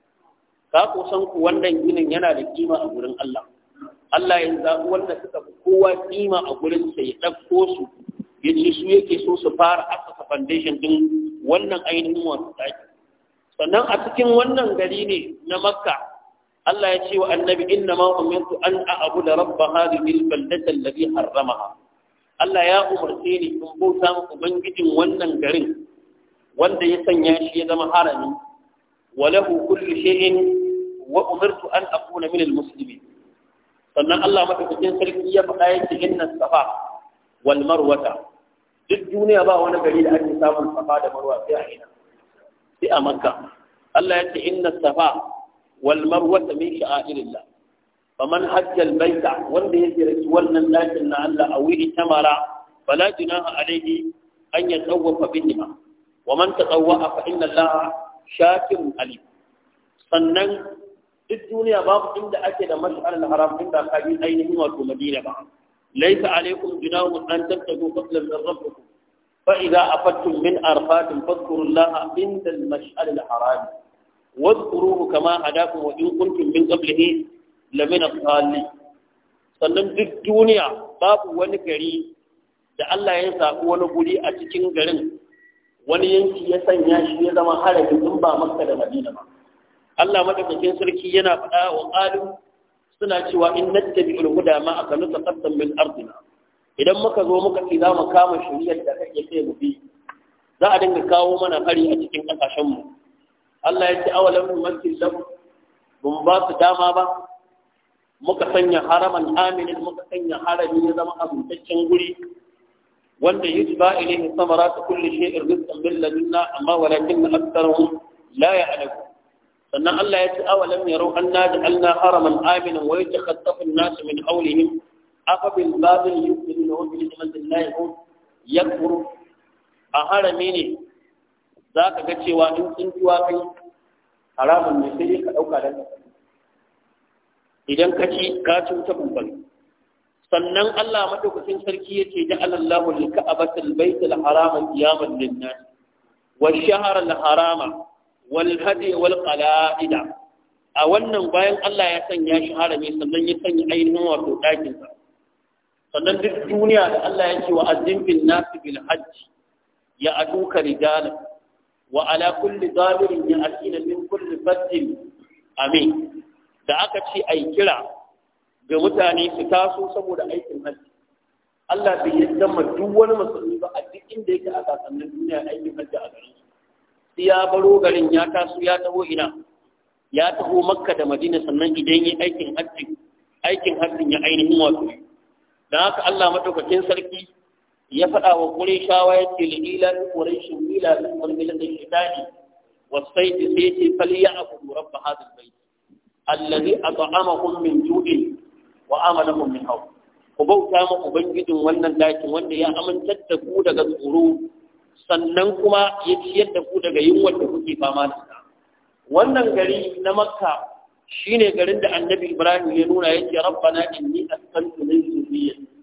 A: ka ko san ku wannan ginin yana da kima a gurin allah allah ya zaɓi wanda suka fi kowa kima a gurin sa ya dauko su ya ce su yake so su fara asasa foundation din wannan ainihin wasu ɗaki sannan a cikin wannan gari ne na makka Allah ya ce wa annabi inna ma umirtu an a'budu rabb hadhihi al-baldati allati harramaha Allah ya umarce ni in bauta muku ubangijin wannan garin wanda ya sanya shi ya zama harami wa lahu kullu shay'in wa umirtu an akuna min al-muslimin sannan Allah madaukakin sarki ya faɗa yake inna safa wal marwata duk duniya ba wani gari da ake samun safa da marwa sai a ina sai a makka Allah ya ce inna safa wal marwata irin sha'airillah faman hajja al baita wanda ya ziyarci wannan dakin na Allah a wuri tamara fala junaha alaihi an yatawwafa bihima wa man sannan duk duniya babu inda ake da mash'al haram inda ka bi ainihin wato Madina ba Laisa alaikum junahun an tabtagu fadlan min rabbikum fa idza afattum min arfatin fadhkuru inda al mash'al haram واذكروه كما هداكم وإن كنتم من قبله لمن الضالين sannan duk duniya babu wani gari da Allah ya zaɓi wani guri a cikin garin wani yanki ya sanya shi ya zama harabi in ba Makka da Madina ba Allah madaukakin sarki yana faɗa wa qalu suna cewa in nattabi'ul huda ma aka nutaqaddam min ardina idan muka zo muka ce za mu kama shari'ar da kake sai mu bi za a dinga kawo mana hari a cikin kasashen mu Allah ya ce awa numakin lahum mun ba su dama ba muka sanya haraman aminin muka sanya harami ya zama abuntaccen guri wanda yusba ilayhi samaratu kulli shay'in rizqan min ladunna amma walakin aktharuhum la ya'lamun sannan Allah ya ce awa an na da ja'alna haraman aminan wa yatakhattafu an-nasu min hawlihim babin bil babil yu'minuna wa bil yawmil akhir yakfur a harami ne za ka ga cewa in tsintuwa kai haramun ne sai ka ɗauka da idan ka ci ka ci wuta bambam sannan Allah madaukakin sarki ya yace da Allahu lika'abata albayt alharama qiyaman linnas wal shahr alharama wal hadi wal qala'ida a wannan bayan Allah ya sanya shi harami sannan ya sanya ainihin wato ɗakin sa sannan duk duniya da Allah yake wa azim bin nas bil hajj ya aduka rijalan wa ala kulli zamirin ya asina min kulli amin da aka ce ai kira ga mutane su taso saboda aikin hajji Allah bai yadda ma duk wani musulmi ba a duk inda yake a kasannin duniya aikin hajji a garin su. ya baro garin ya taso ya taho ina ya taho makka da madina sannan idan yi aikin hajji aikin hajjin ya ainihin wato da haka Allah madaukakin sarki ya faɗa wa qurayshawa ya ce da lilan quraysh ila min mulmilin shaytani wasayt sayti falyabudu rabb hadha albayt alladhi at'amahum min ju'in wa amanahum min hau. ku bauta ma ubangijin wannan dakin wanda ya amintar da ku daga tsoro sannan kuma ya ciyar da ku daga yunwar da kuke fama da ta. wannan gari na makka shine garin da annabi ibrahim ya nuna yake rabbana inni askantu min zurriyyati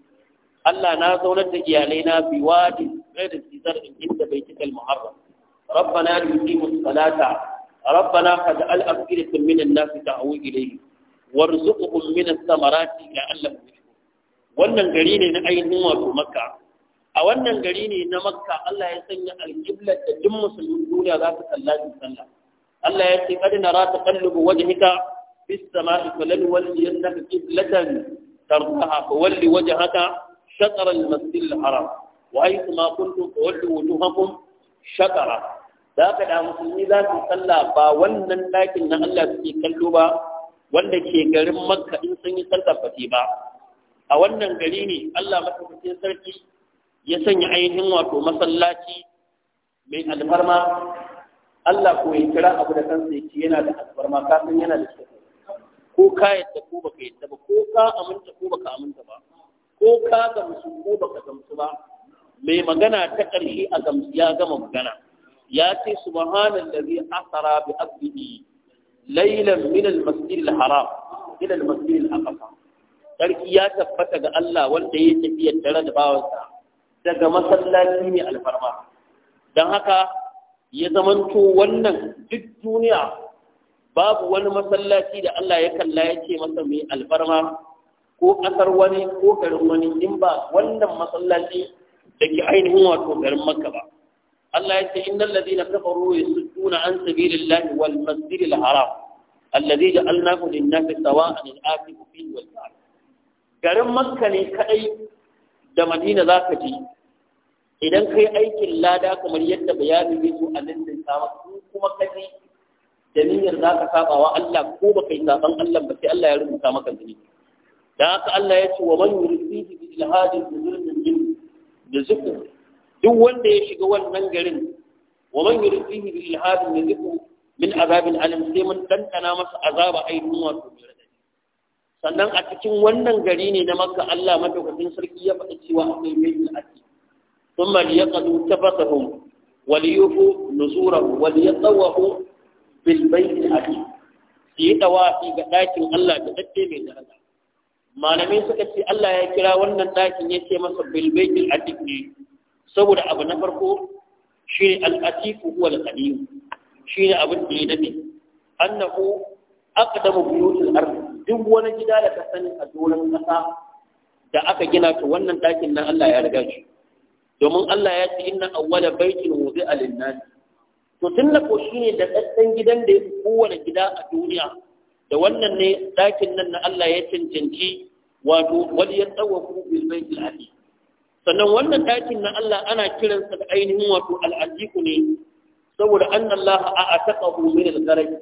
A: Allah na zaunar da iyalai na da biwadin غير ذي زرع عند بيتك المحرم ربنا ليقيموا الصلاة ربنا قد أفئدة من الناس تهوي إليه وارزقهم من الثمرات لعلهم يشكرون wannan gari ne na ainihin wato makka a wannan gari ne na makka Allah ya sanya alƙiblar da duk musulmin duniya za su kalla su sallah Allah ya ce kad nara taqallubu wajhika fis sama'i falan walli yannaka qiblatan tardaha fa walli wajhaka شطر المسجد الحرام وحيثما كنتم فولوا وجوهكم شطرا ذاك دا مسلمي ذاك صلى با wannan dakin na Allah suke kallo ba wanda ke garin Makka in sun yi sallar fati ba a wannan gari ne Allah madaukakin sarki ya sanya ainihin wato masallaci mai alfarma Allah ko ya kira abu da kansa ya ce yana da alfarma kafin yana da shi ko ka yadda ko baka yadda ba ko ka aminta ko baka aminta ba ko ka gamsu ko baka gamsu ba mai magana ta ƙarshe a gamsu ya gama magana ya ce subhanan da zai asara bi abdihi lailan min al haram ila al aqsa sarki ya tabbata ga Allah wanda ya tafiya tare da bawansa daga masallaci ne alfarma dan haka ya zamanto wannan duk duniya babu wani masallaci da Allah ya kalla ya ce masa mai alfarma ko ƙasar wani ko garin wani in ba wannan masallaci da ke ainihin wato garin makka ba Allah ya ce innal ladina kafaru yasudduna an sabilillahi wal masjidil haram alladhi ja'alnahu lin-nasi sawa'an al-aqib fihi wal garin makka ne kadai da madina zaka je idan kai aikin lada kamar yadda bayanin ya zo a lindin sama kuma kaje da niyyar zaka sabawa Allah ko baka yi saban Allah ba sai Allah ya rubuta maka zunubi da haka Allah ya ce wa man yuridu bi ilhadin bi zulmin min da zuku duk wanda ya shiga wannan garin wa man yuridu bi ilhadin bi zuku min azabin alim sai mun dantana masa azaba ainihin wato sannan a cikin wannan gari ne na makka Allah madaukakin sarki ya faɗa cewa akwai mai al'adi thumma liyaqadu tafatahum wa liyufu nuzurahu wa liyatawahu bil bayt al-aqim yi tawafi ga dakin Allah da dadde mai daraja malamai suka ce Allah ya kira wannan ɗakin ya ce masa bilbaitul atiq ne saboda abu na farko shi ne atiq huwa al-qadim shine abin da ya dade annahu aqdamu buyutul ard duk wani gida da ka sani a doron ƙasa da aka gina ta wannan ɗakin nan Allah ya riga shi domin Allah ya ce inna awwala baitin wudi'a lin-nas to tun da shi ne da daddan gidan da ya fi kowane gida a duniya da wannan ne ɗakin nan na Allah ya cancanci wato wani ya tsawafu bil baitul atiq sannan wannan ɗakin na Allah ana kiransa da ainihin wato al'adiku ne saboda an Allah a a taɓa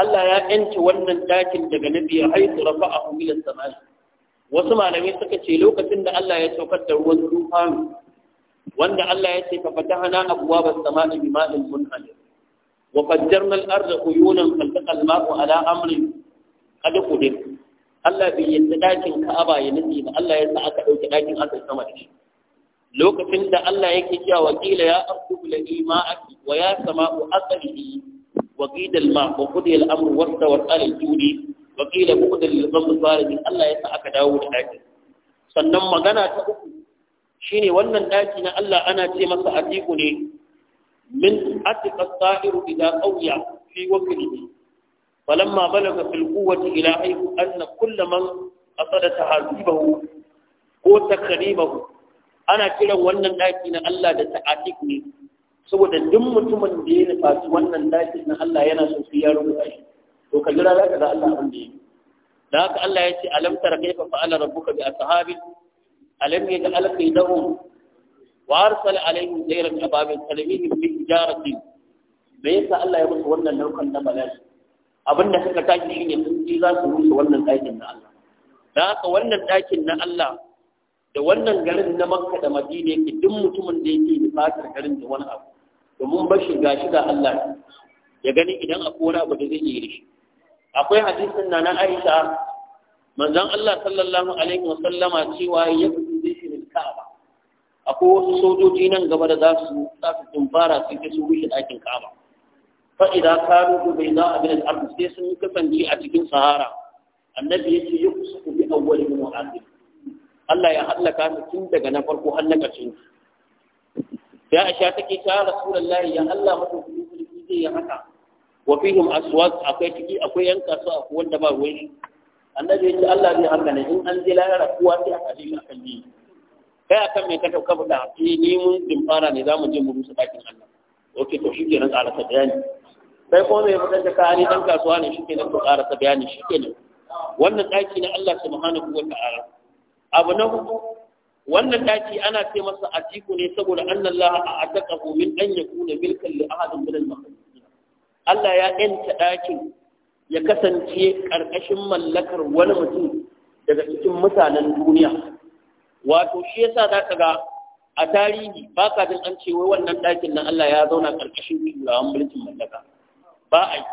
A: Allah ya ‘yanci wannan ɗakin daga nabi ya haifu rafa a humin samari wasu malami suka ce lokacin da Allah ya saukar da ruwan tufanu wanda Allah ya ce ka fata hana abuwa ba samari bi ma'in munhalir وقدرنا الأرض عيونا فالتقى الماء على أمر قد قدر Allah bai yadda dakin aba ya nutse ba Allah ya sa aka ɗauki dakin aka sama da shi lokacin da Allah yake cewa wakila ya ardu la ima'aki wa ya sama'u aqrihi wa qida al-ma wa qudiya al-amru wa tawalla al-judi wa qila buqda lil-gham salih Allah ya sa aka dawo da dakin sannan magana ta uku shine wannan daki na Allah ana ce masa atiku ne من أتقى الطائر إذا أويا في وكره فلما بلغ في القوة إلى حيث أن كل من أصد تعذيبه ko takrimahu ana kiran wannan daki na Allah da ta'atik ne saboda duk mutumin da ya nufi wannan daki na Allah yana so su yaro to ka jira zaka ga Allah abin da yake da haka Allah ya ce alam tara kayfa fa'ala rabbuka bi ashabi alam yaj'al kaydahum wa arsala alayhim zayran ababil salimin bihi jarabi me yasa Allah ya musu wannan naukan na bala'i abin da suka tashi shine sun ji za su rusa wannan ɗakin na Allah da haka wannan ɗakin na Allah da wannan garin na Makka da Madina yake duk mutumin da yake fatar garin da wani abu domin ba shi gashi da Allah ya gani idan akwai wani abu da zai yi shi akwai hadisin na na Aisha manzon Allah sallallahu alaihi wasallama cewa ya akwai wasu sojoji nan gaba da za su za su tumfara su ke su rushe ɗakin kama fa'ida kanu bai za a bin al'adu sai sun kasance a cikin sahara annabi ya ce yi kusa bi awwalin mu'adil Allah ya hallaka su tun daga na farko har na ƙarshen ya aisha take ta rasulullahi ya Allah mata kuɗi zai yi haka wa fihim aswaq akwai ciki akwai yanka su akwai wanda ba ruwan annabi ya ce Allah zai haka ne in an je lahira kowa sai a kaje akan yi kai akan mai ka ka faɗa eh ni mun dimfara ne za mu je mu rusa bakin Allah ok to shi ke kenan ƙarasa bayani sai kuma mai fitar da kaya ne ɗan kasuwa ne shi kenan to ƙarasa bayani shi ke kenan wannan ɗaki na Allah subhanahu wa ta'ala abu na hudu wannan ɗaki ana ce masa atiku ne saboda annallaha a addaqahu min an yakuna milkan li ahadin min al-makhluqin Allah ya yanta ɗakin ya kasance ƙarƙashin mallakar wani mutum daga cikin mutanen duniya wato shi yasa za ka ga a tarihi ba ka jin an cewa wannan ɗakin nan Allah ya zauna ƙarƙashin turawan mulkin mallaka ba a yi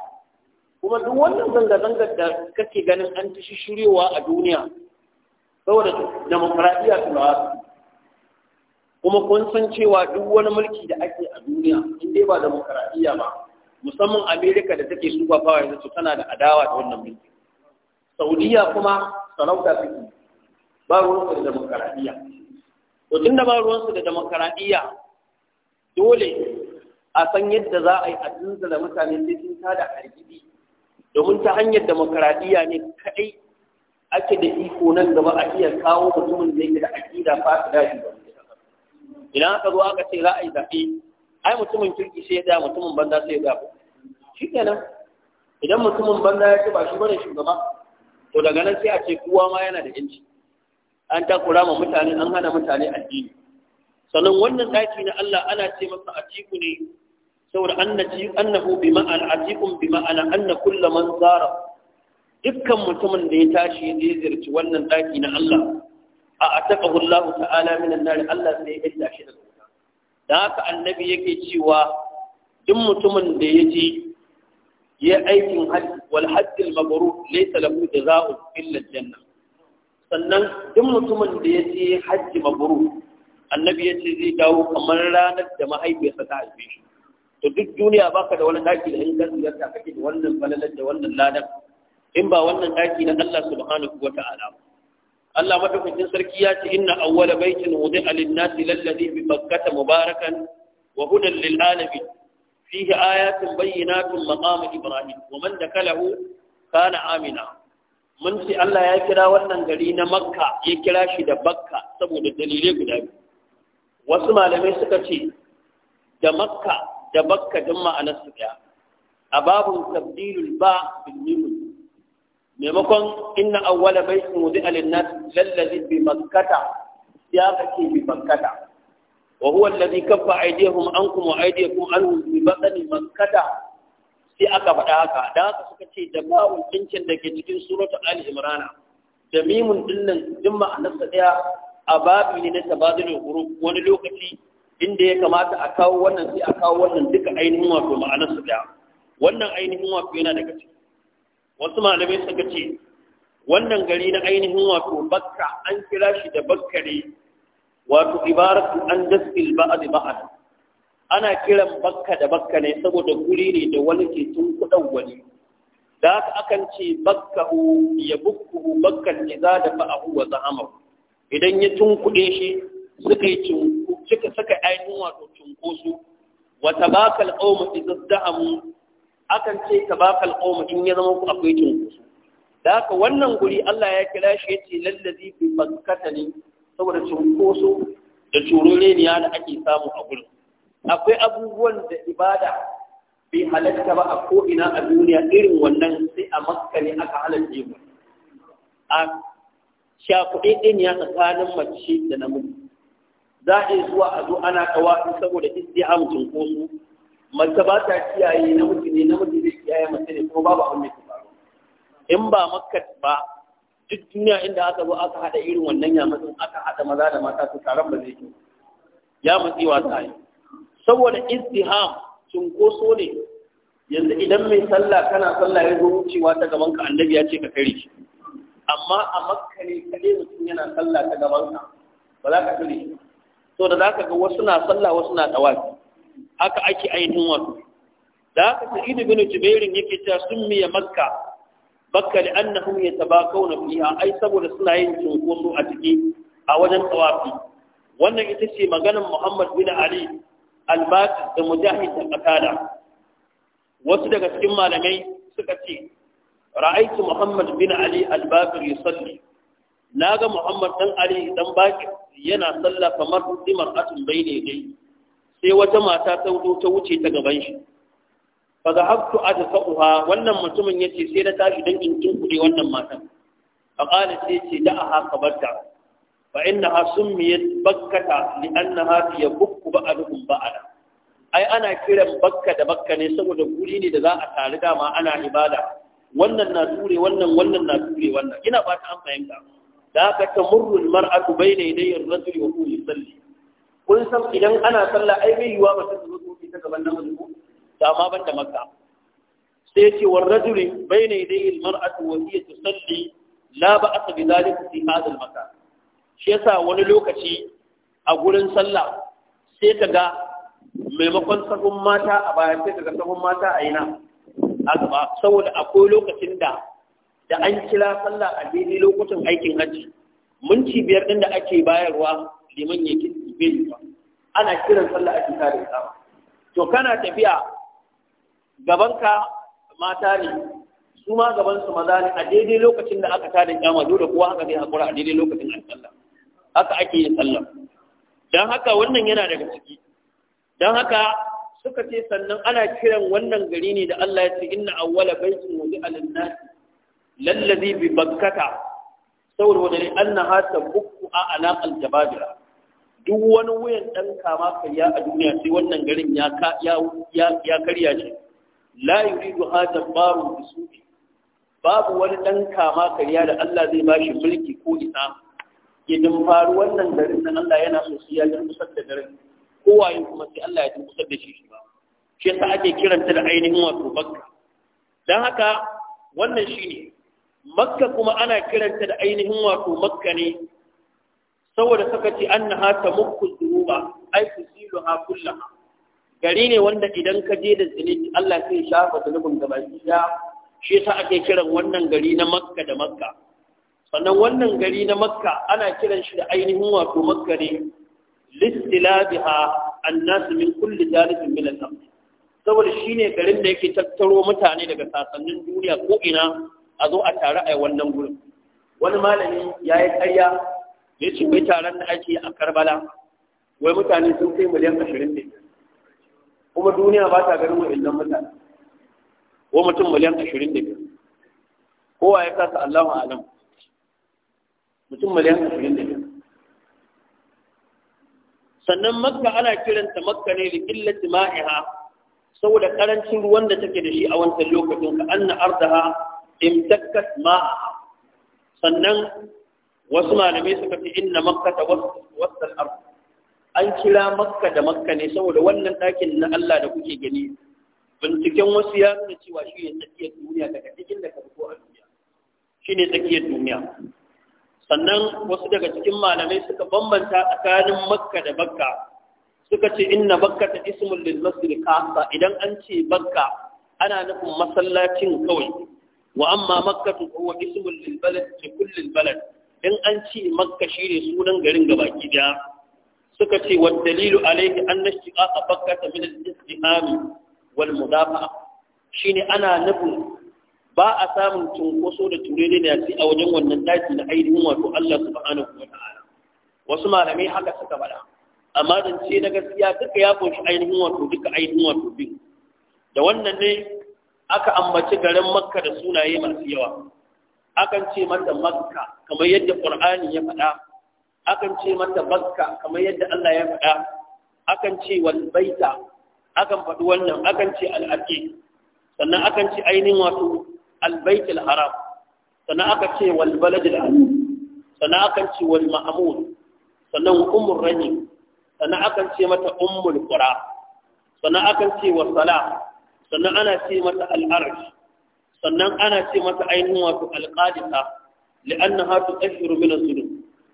A: kuma duk wannan zanga-zangar da kake ganin an ci shirewa a duniya saboda demokuraɗiyya turawa kuma kun san cewa duk wani mulki da ake a duniya in dai ba demokuraɗiyya ba musamman amerika da take super power yanzu tana da adawa da wannan mulki saudiya kuma sarauta suke ba ruwansu da demokaradiyya to tun da ba ruwansu da demokaradiyya dole a san yadda za a yi a da mutane sai sun tada hargitsi domin ta hanyar demokaradiyya ne kaɗai ake da iko nan gaba a iya kawo mutumin da yake da aƙida fa shi ba idan aka zo aka ce za a yi zaɓe ai mutumin kirki sai ya da mutumin banza sai ya zaɓe shi kenan idan mutumin banza ya ce ba shi bane shugaba to daga nan sai a ce kowa ma yana da yanci an takura ma mutane an hana mutane addini sannan wannan daki na Allah ana ce masa atiku ne saboda annaji annahu bi ma'ana atikum bi ma'ana anna man zara dukkan mutumin da ya tashi ya zirci wannan daki na Allah a ataqahu Allah ta'ala min an-nar Allah sai ya illa shi daga wuta da haka annabi yake cewa duk mutumin da ya ji ya aikin hajji wal hajjil mabrur laysa lahu jazaa'un illa janna sannan duk mutumin da ya je hajji maburu annabi ya ce zai dawo kamar ranar da mahaifiyarsa ta haife shi to duk duniya baka da wani daki da in ka ziyarta kake da wannan falalar da wannan ladar? in ba wannan daki na Allah subhanahu wa ta'ala Allah madaukakin sarki ya ce inna awwala baitin wudi'a lin-nasi lalladhi bi Bakkah mubarakan wa hudan lil-alamin fihi ayatun bayyinatun maqam Ibrahim wa man dakalahu kana amina mun ce Allah ya kira wannan gari na makka ya kira shi da bakka saboda dalilai guda biyu wasu malamai suka ce da makka da bakka din ma'anar su ɗaya a babun tabdilul ba bil maimakon inna awwala baitin wudi alinnas lallazi bi makkata ya kace bi makkata wa huwa alladhi kaffa aydihim ankum wa aydiyakum anhum bi batni makkata sai aka faɗa haka da haka suka ce da bawun ɗinkin da ke cikin suratu ali imrana da mimun dinnan din ma'anarsa ɗaya a babi ne na tabadulul huruf wani lokaci inda ya kamata a kawo wannan sai a kawo wannan duka ainihin wato ma'anarsa ɗaya wannan ainihin wato yana daga ciki wasu malamai suka ce wannan gari na ainihin wato bakka an kira shi da bakkare wato ibaratu an dasil ba'd ba'd ana kiran bakka da bakka ne saboda guri ne da wani ke tun kudan wani da aka akan ce bakkahu ya bukkuhu bakkan ne za da fa'ahu wa za'amahu idan ya tun kuɗe shi suka yi cinku suka saka ainihin wato cunkoso wa tabakal qawmu idza da'amu akan ce tabakal qawmu in ya zama ku akwai cunkoso da aka wannan guri Allah ya kira shi yace lallazi bi bakkatani ne saboda cunkoso da ya da ake samu a gurin akwai abubuwan da ibada bai halatta ba a ko'ina a duniya irin wannan sai a makale aka halarce mu a shafuɗe ɗin ya tsakanin mace da namiji za a yi zuwa a zo ana kawa saboda istiham su mace ba ta kiyaye namiji ne namiji zai kiyaye mace ne kuma babu abin da ke faru in ba makka ba duk duniya inda aka zo aka haɗa irin wannan yamatsin aka haɗa maza da mata su taron ba zai yi ya matsi wasa yi saboda istiham cunkoso ne yanzu idan mai sallah kana sallah ya zo wucewa ta gaban ka annabi ya ce ka kare shi amma a makka ne kaɗai mutum yana sallah ta gaban ka ba za ka kare shi so da za ka ga wasu na sallah wasu na tawafi haka ake ainihin wato da haka sa'idu bin jubairin yake cewa sun miya makka bakka da annahum yatabaqawna fiha ai saboda suna yin cinkoso a ciki a wajen tawafi wannan ita ce maganar Muhammad bin Ali albaqi da mujahid da qatada wasu daga cikin malamai suka ce ra'aytu muhammad bin ali albaqir yusalli naga muhammad dan ali dan baqi yana sallah kamar dimar atun bayne dai sai wata mata ta wuce ta wuce ta gaban shi fa zahabtu adfa'uha wannan mutumin yace sai na tashi dan in tunkuɗe wannan matan fa qala sai ce da'aha kabarta fa innaha summiyat bakkata li annaha tiyabukku ba'dukum ba'ada ai ana kiran bakka da bakka ne saboda guri ne da za a tare dama ana ibada wannan na ture wannan wannan na ture wannan ina ba ta an fahimta da ta murru almar'atu bayna yadayi ar-rajul wa huwa yusalli kun san idan ana sallah ai bai yiwa ba ta zo ta gaban namiji ko da ma ban da makka sai ya ce war rajuli bayna yadayi almar'atu wa hiya tusalli la ba'sa bi dalika fi hadha al-makan shi yasa wani lokaci a gurin sallah sai ka ga maimakon sahun mata a baya sai ka ga sahun mata a na a gaba saboda akwai lokacin da da an kira sallah a daidai lokacin aikin hajji minti biyar ɗin da ake bayarwa liman ya kinti bai ana kiran sallah a cikin da sama to kana tafiya gabanka mata ne su ma gaban su maza ne a daidai lokacin da aka tada kyama dole kowa haka zai hakura a daidai lokacin an sallah haka ake yin sallah don haka wannan yana daga ciki don haka suka ce sannan ana kiran wannan gari ne da Allah ya ce inna awwala baitin wudi alinnas lallazi bi bakkata saboda anna annaha tabukku a ala al-jabadira duk wani wuyan dan kama karya a duniya sai wannan garin ya ya karya shi la yuridu hada baru bisuki babu wani dan kama karya da Allah zai bashi mulki ko isa Idan faru wannan garin nan Allah yana so sai ya durkusar da garin kowaye kuma sai Allah ya durkusar da shi shi ba shi yasa ake kiranta da ainihin wato makka. dan haka wannan shine makka kuma ana kiranta da ainihin wato makka ne saboda suka ce annaha tamukku dhuruba ay tusiluha kullaha gari ne wanda idan ka je da zunubi Allah sai ya shafa zunubin gaba ɗaya shi yasa ake kiran wannan gari na makka da makka sannan wannan gari na makka ana kiran shi da ainihin wato makka ne listilabiha annas min kulli dalibin min al-ard saboda shine garin da yake tattaro mutane daga sasannin duniya ko ina a zo a tare a wannan gurin wani malami ya yi ƙarya ya ce bai taron da ake a karbala wai mutane sun kai miliyan ashirin ne kuma duniya ba ta ganin wa'annan mutane ko mutum miliyan ashirin da biyar kowa ya kasa allahu alam mutum miliyan ashirin da biyar sannan makka ana kiranta makka ne da illati ma'iha saboda karancin ruwan da take da shi a wancan lokacin ka anna ardaha imtakkat ma'a sannan wasu malamai suka fi inna makka ta wasan ardu an kira makka da makka ne saboda wannan ɗakin na Allah da kuke gani binciken wasu ya nuna cewa shi ne tsakiyar duniya daga cikin da ka fito a duniya shi ne tsakiyar duniya sannan wasu daga cikin malamai suka bambanta tsakanin makka da bakka suka ce inna bakka ta ismul lil masjid kasa idan an ce bakka ana nufin masallacin kawai wa amma makka tu huwa ismul lil balad li kulli balad in an ce makka shine sunan garin gabaki daya suka ce wa dalilu alayhi anna shiqa bakka min al istihami wal mudafa shine ana nufin ba a samun cunkoso da ne da yasi a wajen wannan daji na ainihin wato Allah subhanahu wa ta'ala wasu malamai haka suka faɗa amma ce na gaskiya duka ya kunshi ainihin wato duka ainihin wato biyu da wannan ne aka ambaci garin makka da sunaye masu yawa akan ce mata makka kamar yadda qur'ani ya faɗa akan ce mata makka kamar yadda Allah ya faɗa akan ce wal baita akan faɗi wannan akan ce al sannan akan ce ainihin wato albaitul haram sannan aka ce wal baladil amin sannan aka ce wal ma'amud sannan ummul rani sannan aka ce mata ummul qura sannan aka ce wa sala sannan ana ce mata al arsh sannan ana ce mata ainihin wato al qadisa li'annaha tutashiru min as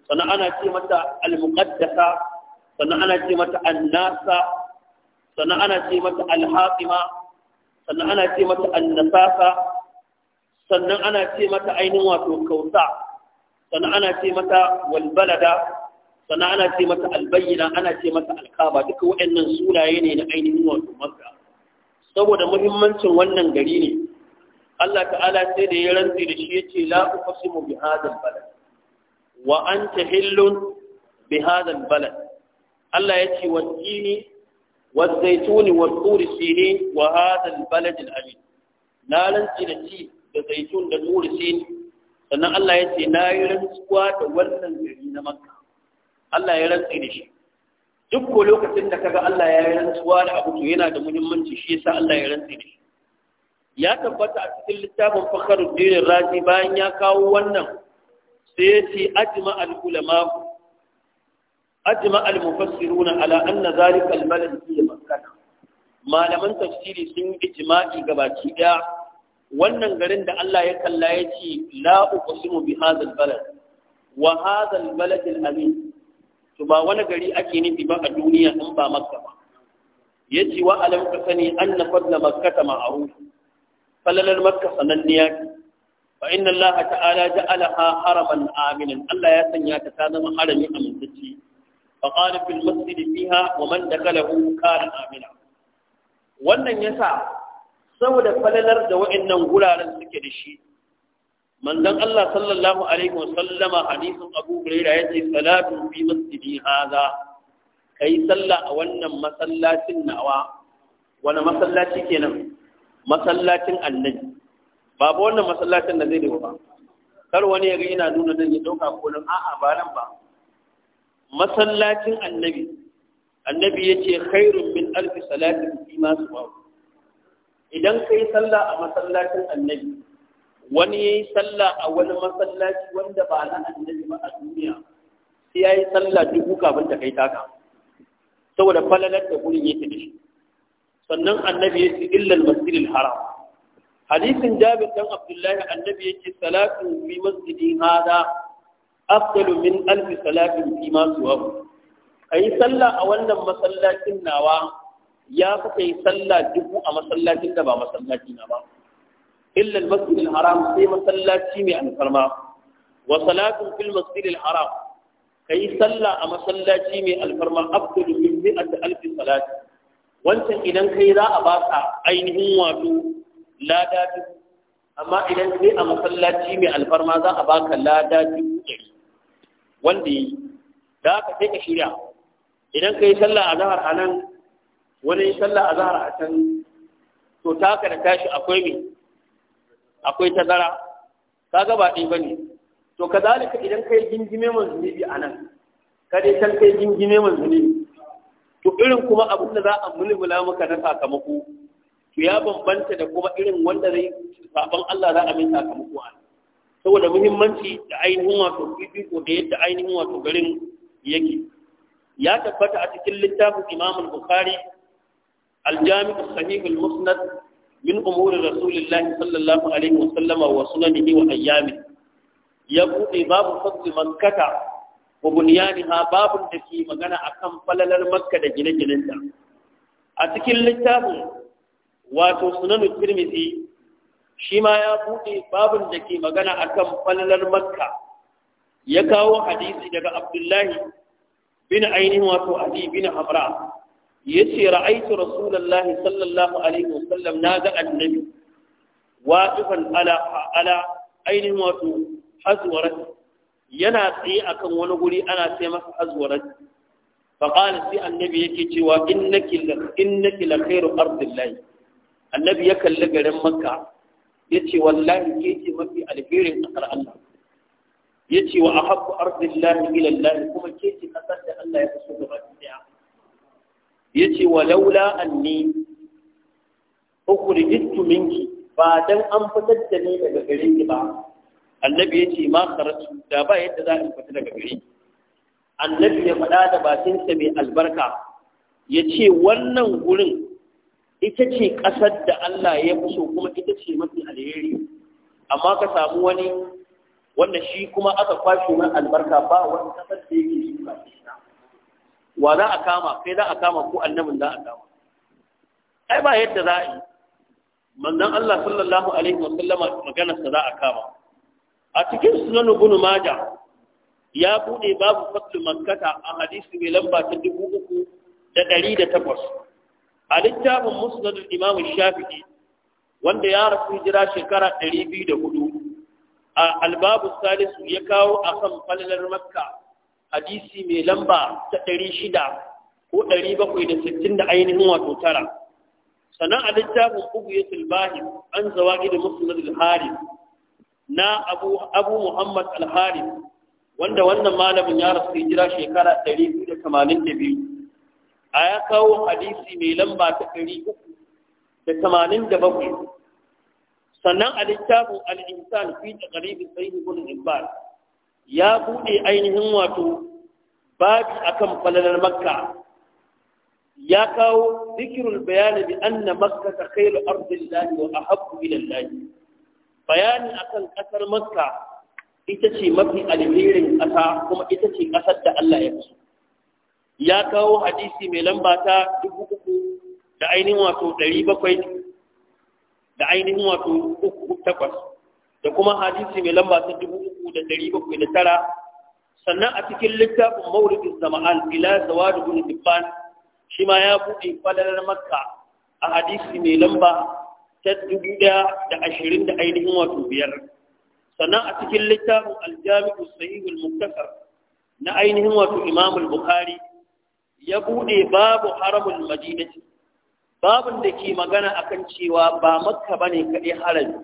A: sannan ana ce mata al muqaddasa sannan ana ce mata an nasa sannan ana ce mata al haqima sannan ana ce mata an nasasa sannan ana ce mata ainihin wato kausa sannan ana ce mata walbalada sannan ana ce mata albayyana ana ce mata alkaba duka waɗannan sunaye ne na ainihin wato makka saboda muhimmancin wannan gari ne Allah ta'ala sai da ya rantse da shi yace la uqsimu bi hadal balad wa anta hillun bi hadal balad Allah yace wa tini wa zaituni wa turi sinin wa hadal balad al amin na rantse da shi da zaitun da nuri sin sannan Allah ya ce na yi rantsuwa da wannan gari na makka Allah ya rantsi da shi duk ko lokacin da kaga Allah ya yi rantsuwa da abu to yana da muhimmanci shi yasa Allah ya rantsi da shi ya tabbata a cikin littafin Fakhruddin Razi bayan ya kawo wannan sai ya ce ajma al ulama ajma al mufassiruna ala anna zalika al balad fi makkah malaman tafsiri sun ijma'i gabaki daya wannan garin da Allah ya kalla ya ce la uqsimu bi hadhal balad wa hadhal balad al amin to ba wani gari ake nufi ba a duniya in ba makka ba yace wa alam ka sani anna fadla makkata ma'ruf falalar makka sananniya fa inna Allah ta'ala ja'alaha haraman aminan Allah ya sanya ta ta zama harami amintacce fa qala fil masjid fiha wa man dakalahu kana amina wannan yasa saboda falalar da waɗannan guraren suke da shi manzon Allah sallallahu alaihi wasallama hadisin Abu Hurairah yace salatu fi masjidi hadha kai sallah a wannan masallacin nawa wani masallaci kenan masallacin annabi ba wannan masallacin da zai da ba kar wani ya ga ina nuna nan ya dauka ko nan a'a ba nan ba masallacin annabi annabi yace khairun min alfi salatin fi masu subahu idan ka yi sallah a masallacin annabi wani ya yi sallah a wani masallaci wanda ba na annabi ba a duniya sai ya yi sallah dubu kafin ta kai taka saboda falalar da gurin yake da shi sannan annabi ya ce illal masjidil haram hadisin jabir dan abdullahi annabi ya yake salatu fi masjidi hada afdalu min alf salatin fi ma suwa ayi sallah a wannan masallacin nawa ya fi yi sallah dubu a masallacin da ba masallaci na ba illa al-masjid haram sai masallaci mai alfarma wa salatun fil masjid al-haram kai sallah a masallaci mai alfarma afdalu min mi'at alf salati wancan idan kai za a baka ainihin wato lada dubu amma idan kai a masallaci mai alfarma za a baka lada dubu ɗari wanda yi da ka sai ka shirya idan kai sallah a zahar a nan wani sallah azhar a can to ta haka da tashi akwai me akwai tazara kaga ba ɗaya bane to zalika idan kai gingime mai zunubi nan ka dai san kai gingime mai zunubi to irin kuma abin da za a mulmula maka na sakamako to ya bambanta da kuma irin wanda zai saban Allah za a mai sakamako a saboda muhimmanci da ainihin wato fifiko da yadda ainihin wato garin yake ya tabbata a cikin littafin Imam Bukhari الجامع الصحيح المسند من أمور رسول الله صلى الله عليه وسلم وسننه وأيامه يقول باب فضل مكة وبنيانها باب دكي مغنى أكم فلل مكة جنة جنة أتكل للتاب واتو سنن الترمذي شما يقول باب دكي مغنى أكم فلل مكة يكاو حديث دك عبد الله بن عينه واتو أبي بن حمراء Ya ce ra'aitu rasulullahi sallallahu alaihi wasallam ga annabi waqifan ala ala ainihin wato azwarat yana tsaye akan wani guri ana sai masa azwarat fa qala sai annabi yake cewa innaki la innaki la khairu ardillahi annabi ya kalli garin makka yace wallahi ke ce mafi alherin kasar Allah yace wa ahabbu ardillahi ila Allah kuma ke ce kasar da Allah ya fi so gaba ɗaya. yace walaula anni ukhrijtu minki ba dan an fitar da ni daga gare ki ba annabi yace ma kharatu da ba yadda za in fita daga gare annabi ya faɗa da bakinsa mai albarka yace wannan gurin ita ce ƙasar da Allah ya fi so kuma ita ce mafi alheri amma ka samu wani wanda shi kuma aka kwashe mai albarka ba wani kasar da yake shi ba wa za a kama kai za a kama ko annabin za a kama ai ba yadda za a yi manzon Allah sallallahu alaihi wa sallama maganar sa za a kama a cikin sunan ibn maja ya bude babu fatul makkata a hadisi mai lamba ta 3308 a littafin musnad imam shafi'i wanda ya rasu jira shekara 204 a albabu salisu ya kawo akan falalar makka hadisi mai lamba ta ɗari shida ko ɗari bakwai da sittin da ainihin wato tara sannan a littafin ubiyatul bahim an zawa da musnad al-harith na abu abu muhammad al wanda wannan malamin ya rasu hijira shekara 282 a ya kawo hadisi mai lamba ta da 387 sannan a littafin al'insan fi ta ƙaribin sahihi gudun ya buɗe ainihin wato babi akan falalar makka ya kawo zikirul bayani bi anna makka ta khairu ardillahi wa ahabbu ila Allah bayani akan kasar makka ita ce mafi alherin kasa kuma ita ce kasar da Allah ya ci ya kawo hadisi mai lamba ta dubu uku da ainihin wato ɗari bakwai da ainihin wato uku takwas da kuma hadisi mai lamba ta dubu uku da dari bakwai da tara sannan a cikin littafin mauridin zama'al ila zawadu bin dibban shi ma ya buɗe falalar makka a hadisi mai lamba ta dubu ɗaya da ashirin da ainihin wato biyar sannan a cikin littafin aljami'u sahihul muktasar na ainihin wato imamul bukhari ya buɗe babu haramul madinati babun da ke magana akan cewa ba makka bane kaɗai harami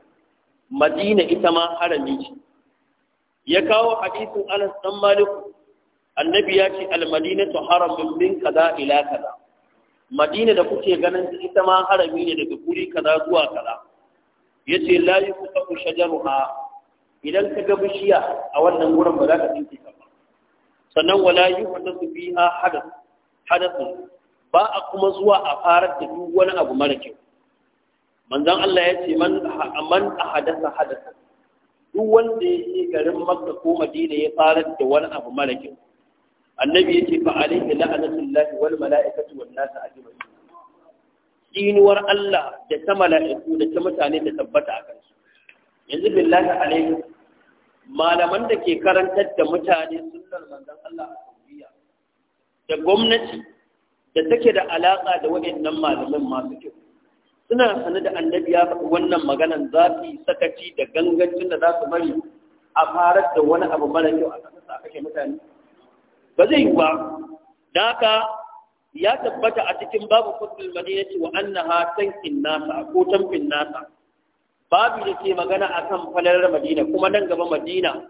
A: madina ita ma harami ce ya kawo hadisin anas dan maliku annabi ya ce Al-Madina almadinatu haramun min kaza ila kaza madina da kuke ganin ita ma harami ne daga guri kaza zuwa kaza yace la yuqatu shajaruha idan ka ga bishiya a wannan gurin ba za ka tsinke ta ba sannan wala yuhdathu fiha hadath hadath ba a kuma zuwa a farar da duk wani abu mara kyau manzon Allah ya ce man man ahadasa hadasa duk wanda ya ce garin Makka ko Madina ya fara da wani abu mara kyau annabi ya ce fa alaihi la'anatullahi wal mala'ikatu wan nas ajma'in tsinuwar Allah da ta mala'iku da ta mutane da tabbata a kansu yanzu billahi alaihi malaman da ke karantar da mutane sunnar manzon Allah a da gwamnati da take da alaƙa da waɗannan malamin masu kyau suna sane da annabi ya faɗi wannan maganan za su yi sakaci da gangancin da za su bari a farar da wani abu mara kyau a ƙasa a kashe mutane ba zai yi ba da haka ya tabbata a cikin babu kudin ce wa hatan tankin nasa ko tamfin nasa babu da ke magana a kan falalar madina kuma nan gaba madina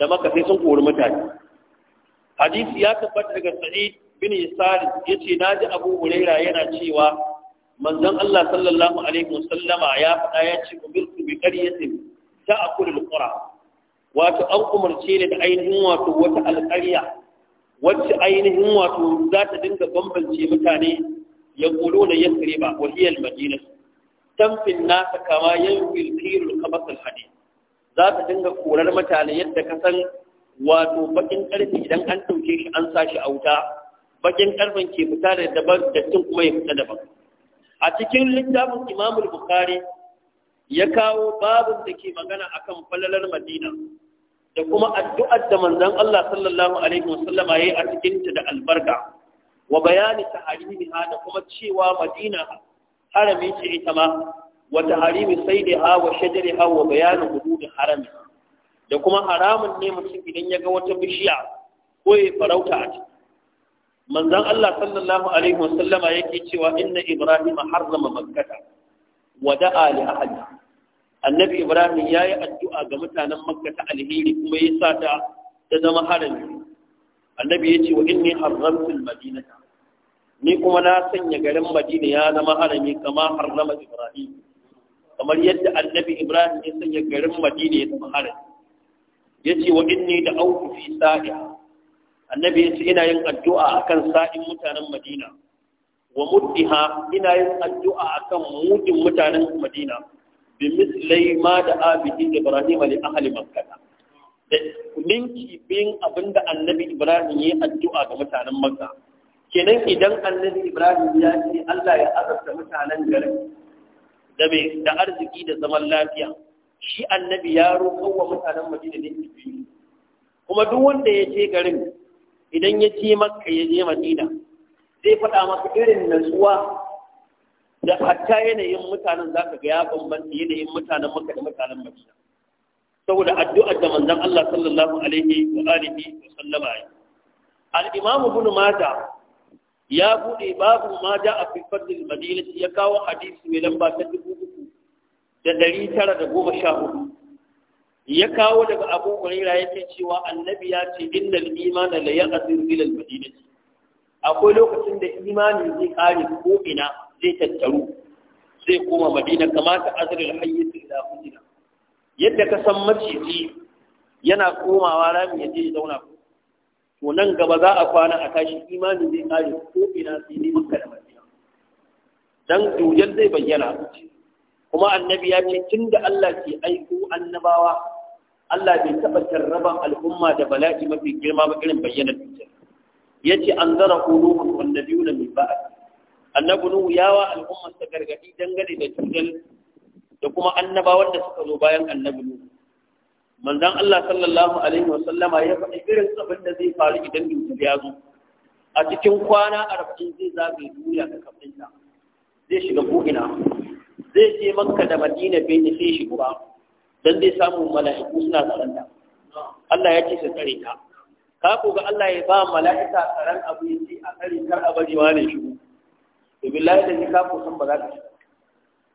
A: da maka sai sun kori mutane hadisi ya tabbata daga sa'id bin ce yace naji abu huraira yana cewa manzon Allah sallallahu alaihi wasallama ya faɗa ya ce umirtu bi qaryatin ta'kulul qura wato an umarce ne da ainihin wato wata alƙarya wacce ainihin wato za ta dinga bambance mutane ya quluna yasriba wa hiya al-madina tamfin nasa kama yanfil kirul qabas al-hadid za ta dinga korar mutane yadda ka san wato bakin karfe idan an ɗauke shi an sa shi a wuta bakin karfen ke fita da daban da tun kuma ya fita daban a cikin littafin imamul bukhari ya kawo babin da ke magana akan falalar madina da kuma addu'ar da manzon Allah sallallahu alaihi wasallama yayi a cikin ta da albarka wa bayani ta ha da kuma cewa madina harami ce ita ma wa taharimi ha wa ha wa bayani hudud harami da kuma haramun ne mutum idan ya ga wata bishiya ko ya farauta a ciki Manzan Allah sallallahu alaihi wasallama yake cewa inna ibrahim harrama makkata wa da'a li ahli annabi ibrahim ya yi addu'a ga mutanen makka alheri kuma ya sa ta ta zama harami annabi ya ce wa inni harramtu almadinata ni kuma na sanya garin madina ya zama harami kama harrama ibrahim kamar yadda annabi ibrahim ya sanya garin madina ya zama harami Ya ce wa inni da auku fi sa'i annabi yace ina yin addu'a akan sa'in mutanen madina wa muddiha ina yin addu'a akan mudin mutanen madina bi mislai ma da abidi ibrahim li ahli makka da ninki bin abinda annabi ibrahim yayi addu'a ga mutanen makka kenan idan annabi ibrahim ya ce Allah ya azabta mutanen garin da me da arziki da zaman lafiya shi annabi ya roƙo wa mutanen madina ne kuma duk wanda ya je garin idan ya ce maka ya je madina zai faɗa maka irin natsuwa da hatta yanayin mutanen za ka ga ya bambanta yanayin mutanen maka da mutanen madina saboda addu'ar da manzon Allah sallallahu alaihi wa alihi wa sallama yi al-imamu ibn mata ya bude babu Mata a fi fardil madinati ya kawo hadisi mai lamba ta 3914 ya kawo daga abu huraira yake cewa annabi ya ce innal imana la ya'zir ila al-madinati akwai lokacin da imani zai kare ko ina zai tattaru zai koma madina kamata azrul hayy ila madina yadda ka san maciji yana komawa rami ya je zauna ko to nan gaba za a kwana a tashi imani zai kare ko ina sai ne makka da madina dan dujan zai bayyana kuma annabi ya ce tun da Allah ke aiko annabawa Allah bai taɓa tarraban al'umma da bala'i mafi girma ba irin bayyana cutar ya ce an zara hulun wanda biyu mai ba'a annabi nuhu yawa al'ummar ta gargaɗi dangane da cutar da kuma annabawan da suka zo bayan annabi nuhu manzon Allah sallallahu alaihi sallama ya faɗi irin abin da zai faru idan cutar ya zo a cikin kwana arba'in zai zagaye duniya ta kafin zai shiga ko'ina zai je makka da madina bai nufe shi ba don zai samu mala'iku suna tsaranta Allah ya ce su tsare ta ka ku ga Allah ya ba mala'ika tsaron abu ya ce a tsare kar a bari ma ne shigo to billahi da ka ku san ba za ka shiga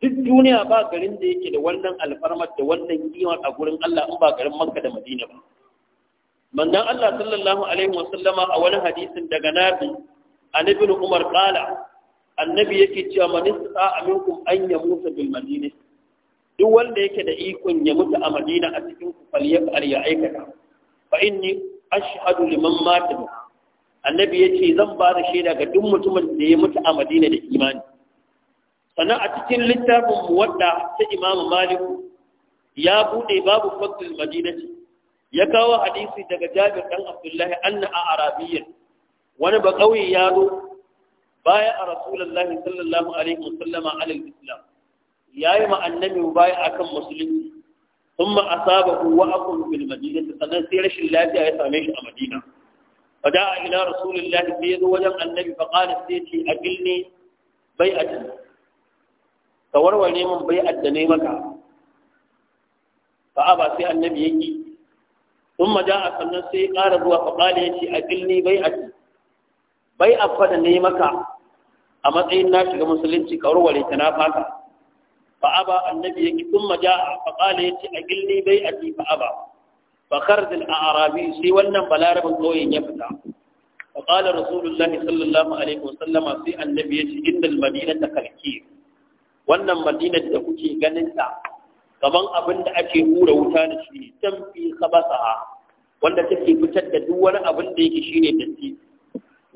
A: duk duniya ba garin da yake da wannan alfarmar da wannan kiwon a gurin Allah in ba garin makka da madina ba manzon Allah sallallahu alaihi wasallama a wani hadisin daga Nabi an ibn Umar qala annabi yake cewa man istata aminkum an yamuta bil madina duk wanda yake da ikon ya mutu a madina a cikin ku falyafal ya aikata fa inni ashhadu liman mata annabi yace zan ba da shaida ga duk mutumin da ya mutu a madina da imani sannan a cikin littafin muwadda ta imamu malik ya bude babu madina madina ya kawo hadisi daga jabir dan abdullahi anna a arabiyyan wani ba kauye ya zo baya a rasulullahi sallallahu alaihi wasallama alal islam yayi ma annabi baya akan musulunci ثم أصابه وأقل في المدينة فنسير شلاتي أيساميش أمدينة فدعا إلى رسول الله سيد ولم النبي فقال سيدي أقلني بيئة فوروا لي من بيئة نيمك فأبى سي النبي يجي ثم جاء فنسي قال هو فقال يجي أقلني بيئة بيئة فنيمك a matsayin na shiga musulunci ka ta na fata fa aba annabi yake kun maja fa ya ce a gilli bai a fa aba fa kharjal arabi sai wannan balarabin kauyen ya fita fa qala rasulullah sallallahu alaihi wasallama sai annabi yace innal madinata kalkir wannan madinar da kuke ganin ta kaman abin da ake hura wuta da shi tamfi khabasaha wanda take fitar da duk wani abin da yake shine datti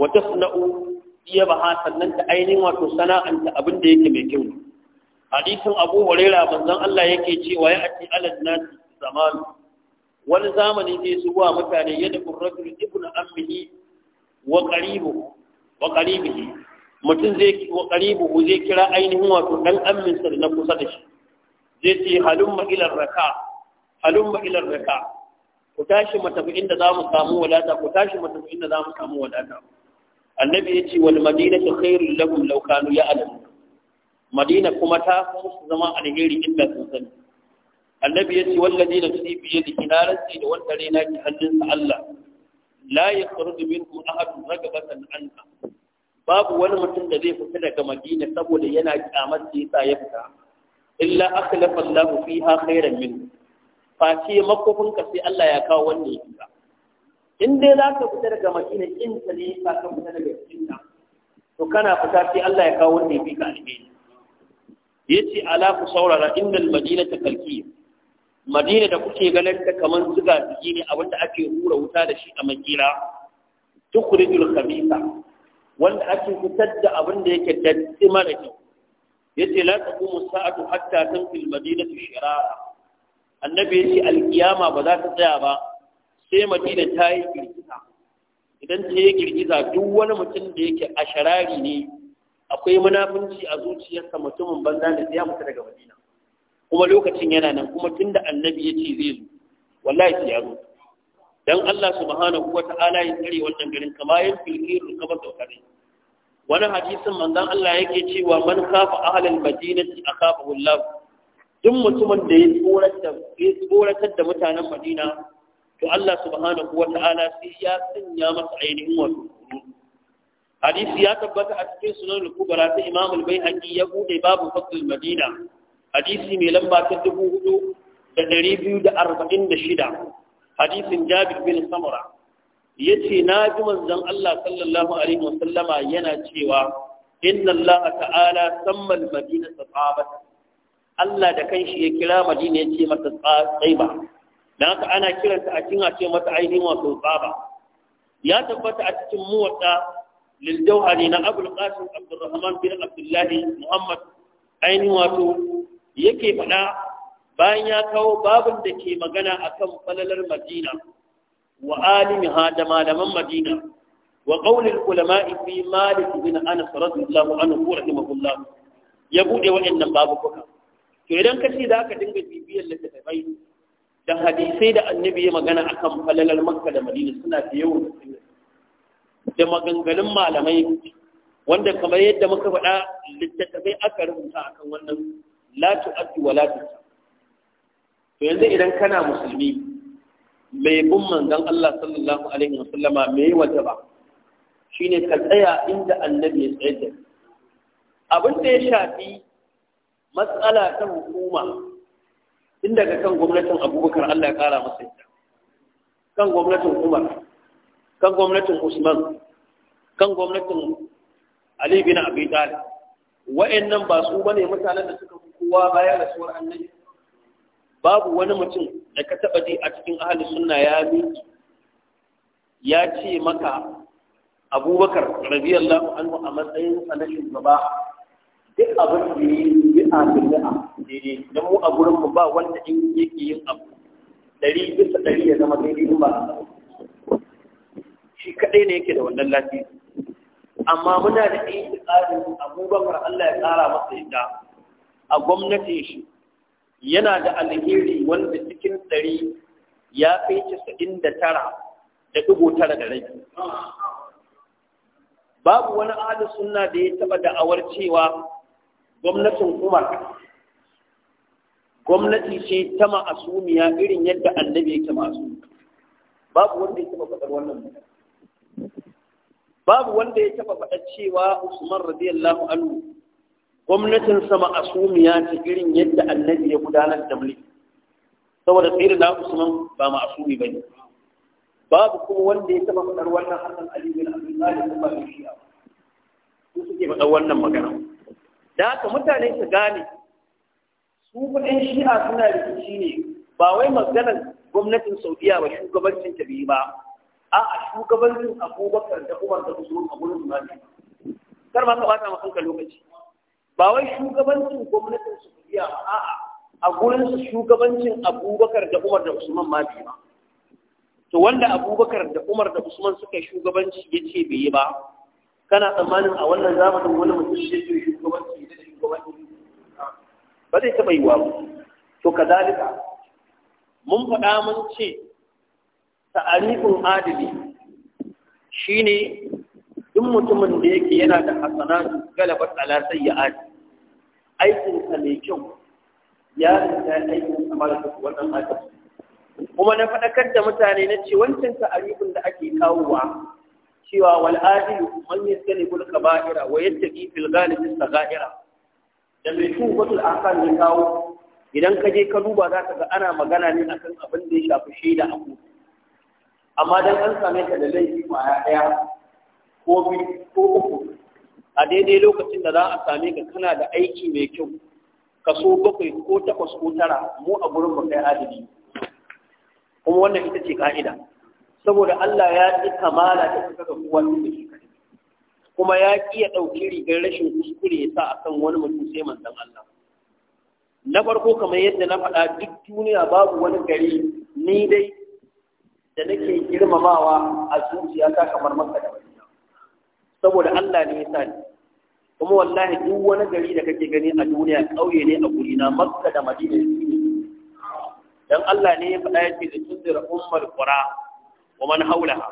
A: wa tasna'u tsiyabaha sannan ta ainihin wato sana'anta abin da yake mai kyau hadisin abu huraira manzon Allah yake cewa ya ati alal nas zamanu wani zamani zai su wa mutane yadda rajul ibnu ammihi wa qaribuhu wa qaribihi mutum zai wa qaribuhu zai kira ainihin wato dan amminsa da na kusa da shi zai ce halumma ila raka halumma ila raka ku tashi mu tafi inda za samu wadata ku tashi mu tafi inda za samu wadata annabi ya ce wal madinatu khairul lahum law kanu ya'lamun madina kuma ta musu zama alheri inda sun sani annabi ya ce wallazi na fi biye da kinararsa da wanda rena ki hannunsa Allah la ya minhu ahadun ragabatan anka babu wani mutum da zai fita daga madina saboda yana kyamar da yasa ya fita illa akhlafa Allahu fiha khairan min fa ce makofin ka sai Allah ya kawo wanda ya in dai za ka fita daga madina in ta ne za ka fita daga cikin to kana fita sai Allah ya kawo wanda ya fi ka alheri ce ala ku saurara innal madinata kalki madina da kuke ganin ta kaman zuga zugi ne da ake hura wuta da shi a makira tukhrijul khabitha wanda ake fitar da abin da yake datti mara kyau yace la taqumu sa'atu hatta tanfil madinatu shirara annabi yace alkiyama ba za ta tsaya ba sai madina ta yi girgiza idan ta yi girgiza duk wani mutum da yake a sharari ne akwai munafunci a zuciyarsa mutumin banza da ya fita daga madina kuma lokacin yana nan kuma tun da annabi ya ce zai zo wallahi sai ya zo dan Allah subhanahu ta'ala ya tsare wannan garin kama yin filkir kaba kare wani hadisin manzon Allah yake cewa man kafa ahlal madinati akafahu Allah duk mutumin da ya tsoratar da mutanen Madina to Allah subhanahu wa ta'ala sai ya sanya masa ainihin wato hadisi ya tabbata a cikin sunan al-kubra ta Imam al-Baihaqi ya bude babu fadl Madina hadisi mai lamba ta 4246 hadisin Jabir bin Samura yace na ji manzon Allah sallallahu alaihi sallama yana cewa inna Allah ta'ala samma al-Madina Allah da kanshi ya kira Madina yace mata tsaiba dan haka ana kiranta a cikin a ce mata ainihin wasu tsaba ya tabbata a cikin muwadda lil jawhari na abul qasim abdurrahman bin abdullahi muhammad ainihin wato yake faɗa bayan ya kawo babin da ke magana a kan falalar madina wa alimiha da malaman madina wa qaulil ulama'i fi malik bin anas radiyallahu anhu rahimahullah ya waɗannan wa'annan kuka, to idan kace da aka dinga bibiyar littattafai da hadisai da annabi ya magana akan falalar makka da madina suna da yawan da maganganun malamai wanda kamar yadda muka faɗa littattafai aka rubuta akan wannan la tu'addu wa la to yanzu idan kana musulmi mai bin manzon Allah sallallahu alaihi wasallama mai wajaba shine ka tsaya inda annabi ya tsaya abin da ya shafi matsala ta hukuma tun daga kan gwamnatin abubakar allah ya kara masa ita kan gwamnatin umar kan gwamnatin usman kan gwamnatin ali bin abi talib wa'annan ba su bane mutanen da suka fi kowa bayan rasuwar annabi babu wani mutum da ka taba ji a cikin ahli sunna ya miki ya ce maka abubakar radiyallahu anhu a matsayin sanadin gaba duk abin da yi mi'a da mi'a daidai don mu a gurin mu ba wanda in yake yin abu ɗari bisa ɗari ya zama daidai in ba a shi kaɗai ne yake da wannan lafiya amma muna da ɗaya tsarin abubakar Allah ya tsara masa ita a gwamnatin shi yana da alheri wanda cikin ɗari ya kai casa'in da tara da ɗigo tara da rai babu wani ahalin suna da ya taɓa da'awar cewa gwamnatin umar gwamnati ce ta ma'asumiya irin yadda annabi yake masu babu wanda ya taba faɗar wannan babu wanda ya taba faɗar cewa usman radiyallahu anhu gwamnatin sama asumiya ta irin yadda annabi ya gudanar da mulki saboda tsere na usman ba ma'asumi ba ne babu kuma wanda ya taba faɗar wannan hasan ali bin abdullahi da ba shi a su suke faɗar wannan magana da haka mutane su gane su kudin shi'a suna rikici ne ba wai maganar gwamnatin saudiya ba shugabancin ta biyu ba a a shugabancin abubakar da umar da usman a gurin imani kar ma ka bata ma kanka lokaci ba wai shugabancin gwamnatin saudiya ba a a a gurin su shugabancin abubakar da umar da usman ma ba to wanda abubakar da umar da usman suka yi shugabanci ya ce bai yi ba kana tsammanin a wannan zamanin wani mutum zai ba zai taɓa yi wa ba to kazalika mun faɗa mun ce ta'arifin adali ne duk mutumin da yake yana da hasanatu Galaba, ala sayyi'at aikin Aikinsa mai kyau ya rinta aikin sa mara kyau wannan haka kuma na faɗakar da mutane na ce wancan ta'arifin da ake kawowa cewa wal adilu man yastani bil kaba'ira wa yattaqi fil ghalibi sagha'ira da mai wasu ahkam ya kawo idan ka je ka duba za ka ga ana magana ne akan abin da ya shafi shaida a kotu amma dan an same ka da laifi kwaya ɗaya ko uku a daidai lokacin da za a same ka kana da aiki mai kyau kaso bakwai ko takwas ko tara mu a gurin ba kai adadi kuma wannan ita ce ka'ida saboda Allah ya ƙi kamala da kuka ga kowa da shi kuma ya ƙi ya ɗauki rigar rashin kuskure ya sa a kan wani mutum sai manzan Allah. Na farko kamar yadda na faɗa duk duniya babu wani gari ni dai da nake girmamawa a zuciya ta kamar maka da Madina. Saboda Allah ne ya sa ni. Kuma wallahi duk wani gari da kake gani a duniya ƙauye ne a gurina Makka da Madina Dan Allah ne ya faɗa yake da tunzir ummar qura wa man haulaha.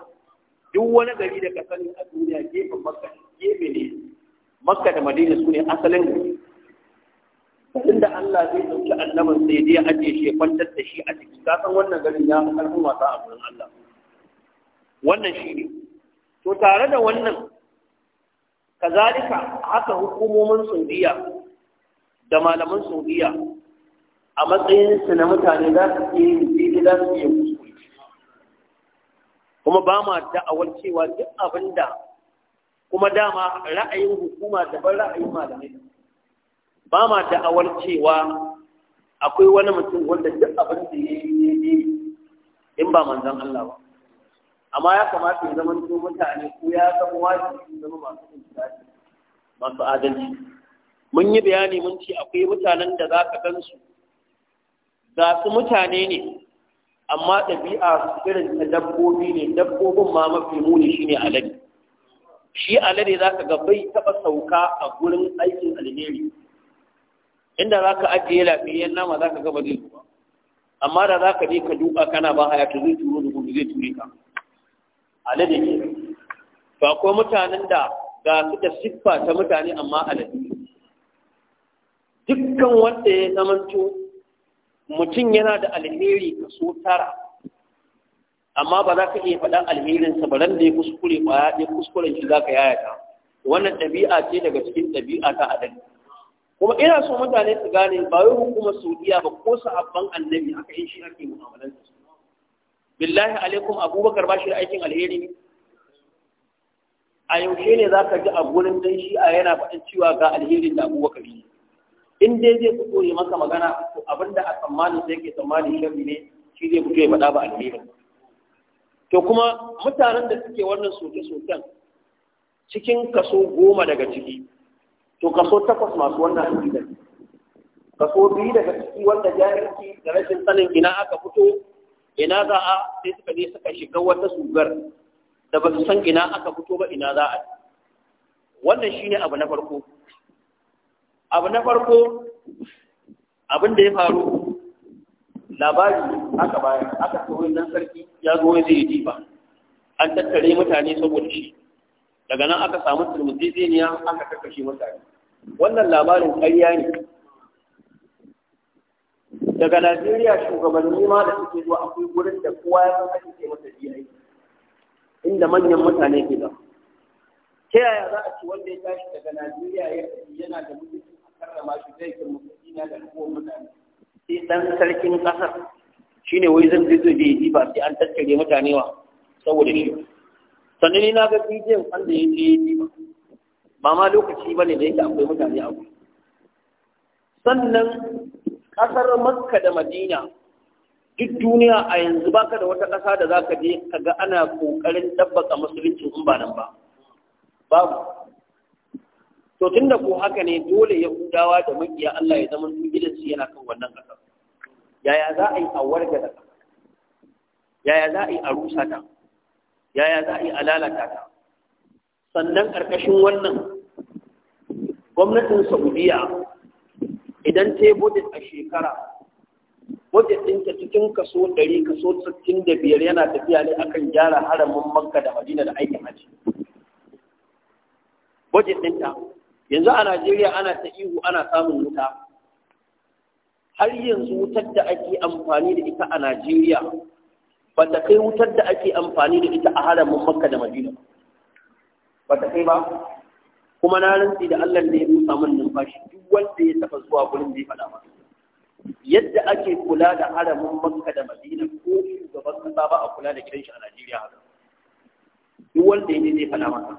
A: Duk wani gari da ka sani a duniya gefen Makka makka da madina su ne asalin inda Allah zai ɗauki annaban sai dai ajiye shi kwantar da shi a ciki ka san wannan garin ya fi ƙarfin wasa a gurin Allah wannan shi ne to tare da wannan kazalika haka hukumomin saudiya da malaman saudiya a matsayinsu na mutane za su iya yin daidai za su yi kuskure kuma ba ma da'awar cewa duk abin da kuma dama ra'ayin hukuma daban ra'ayin malamai ba ma da'awar cewa akwai wani mutum wanda duk abin da ya yi in ba manzan Allah ba amma ya kamata ya zama to mutane ko ya zama wajibi zama masu insafi masu adalci mun yi bayani mun ce akwai mutanen da za ka gansu ga su mutane ne amma ɗabi'a irin ta dabbobi ne dabbobin ma mafi muni shine alade shi alade za ka gabai taba taɓa sauka a gurin aikin alheri inda za ka ajiye lafiyayyen nama za ka gaba zai zuwa amma da za ka je ka duka kana ba haya to zai turo da gudu zai ture ka alade ne ba ko mutanen da ga su da siffa ta mutane amma alade dukkan wanda ya zamanto mutum yana da alheri kaso tara amma ba za ka iya faɗa alherinsa ba ran da ya kuskure ba ya kuskuren shi za ka yayata wannan ɗabi'a ce daga cikin ɗabi'a ta adali kuma ina so mutane su gane ba wai hukumar saudiya ba ko sahabban annabi aka yin shi ake mu'amalanta su billahi alaikum abubakar ba shi da aikin alheri ne a yaushe ne za ka ji a gurin dan shi a yana faɗin cewa ga alherin da abubakar yi in dai zai fito maka magana to abinda a tsammanin sai ke tsammanin shan ne shi zai fito ya faɗa ba alherin to kuma mutanen da suke wannan soke-soken cikin kaso goma daga ciki to kaso takwas masu wannan aƙidar kaso biyu daga ciki wanda jahilci da rashin sanin ina aka fito ina za a sai suka je suka shiga wata sugar da ba su san ina aka fito ba ina za a wannan shine abu na farko abu na farko abin da ya faru labari aka bayar aka ce nan sarki ya zo zai yi ba an tattare mutane saboda shi daga nan aka samu turmuziziniya aka kakashe mutane wannan labarin ƙarya ne daga najeriya shugabanni ma da suke zuwa akwai wurin da kowa ya san ake ce masa DI inda manyan mutane ke zama ta yaya za a ci wanda ya tashi daga najeriya ya yana da mutunci a karrama shi zai kirmuka dina da kowa mutane sai ɗan sarkin ƙasar shi ne wai zan zai zai yi ba sai an tattare mutane wa saboda shi sannan ni na ga bidiyon an ya ce yi ba ba ma lokaci ba ne da yake akwai mutane a wuri sannan ƙasar makka da madina duk duniya a yanzu baka da wata ƙasa da za ka je ka ga ana ƙoƙarin ɗabbaka musuluncin in ba nan ba babu to tunda ko haka ne dole yahudawa da makiya Allah ya zama su gidansu yana kan wannan ƙasar. yaya za a yi a warga da kasa? yaya za a yi a rusa ta yaya za a yi a lalata ta sannan ƙarƙashin wannan gwamnatin saudiya idan ta yi budget a shekara budget ɗinta cikin kaso 100 kaso 65 yana tafiya ne akan gyara haramin makka da madina da aikin hajji budget ɗinta yanzu a najeriya ana ta ihu ana samun wuta har yanzu wutar da ake amfani da ita a Najeriya ba ta kai wutar da ake amfani da ita a haramin Makka da Madina ba ta kai ba kuma na rantsi da Allah ne ya musa min numfashi duk wanda ya taba zuwa gurin da ya faɗa masa yadda ake kula da haramin Makka da Madina ko shugaban kasa ba a kula da gidan shi a Najeriya haka duk wanda ya zai faɗa masa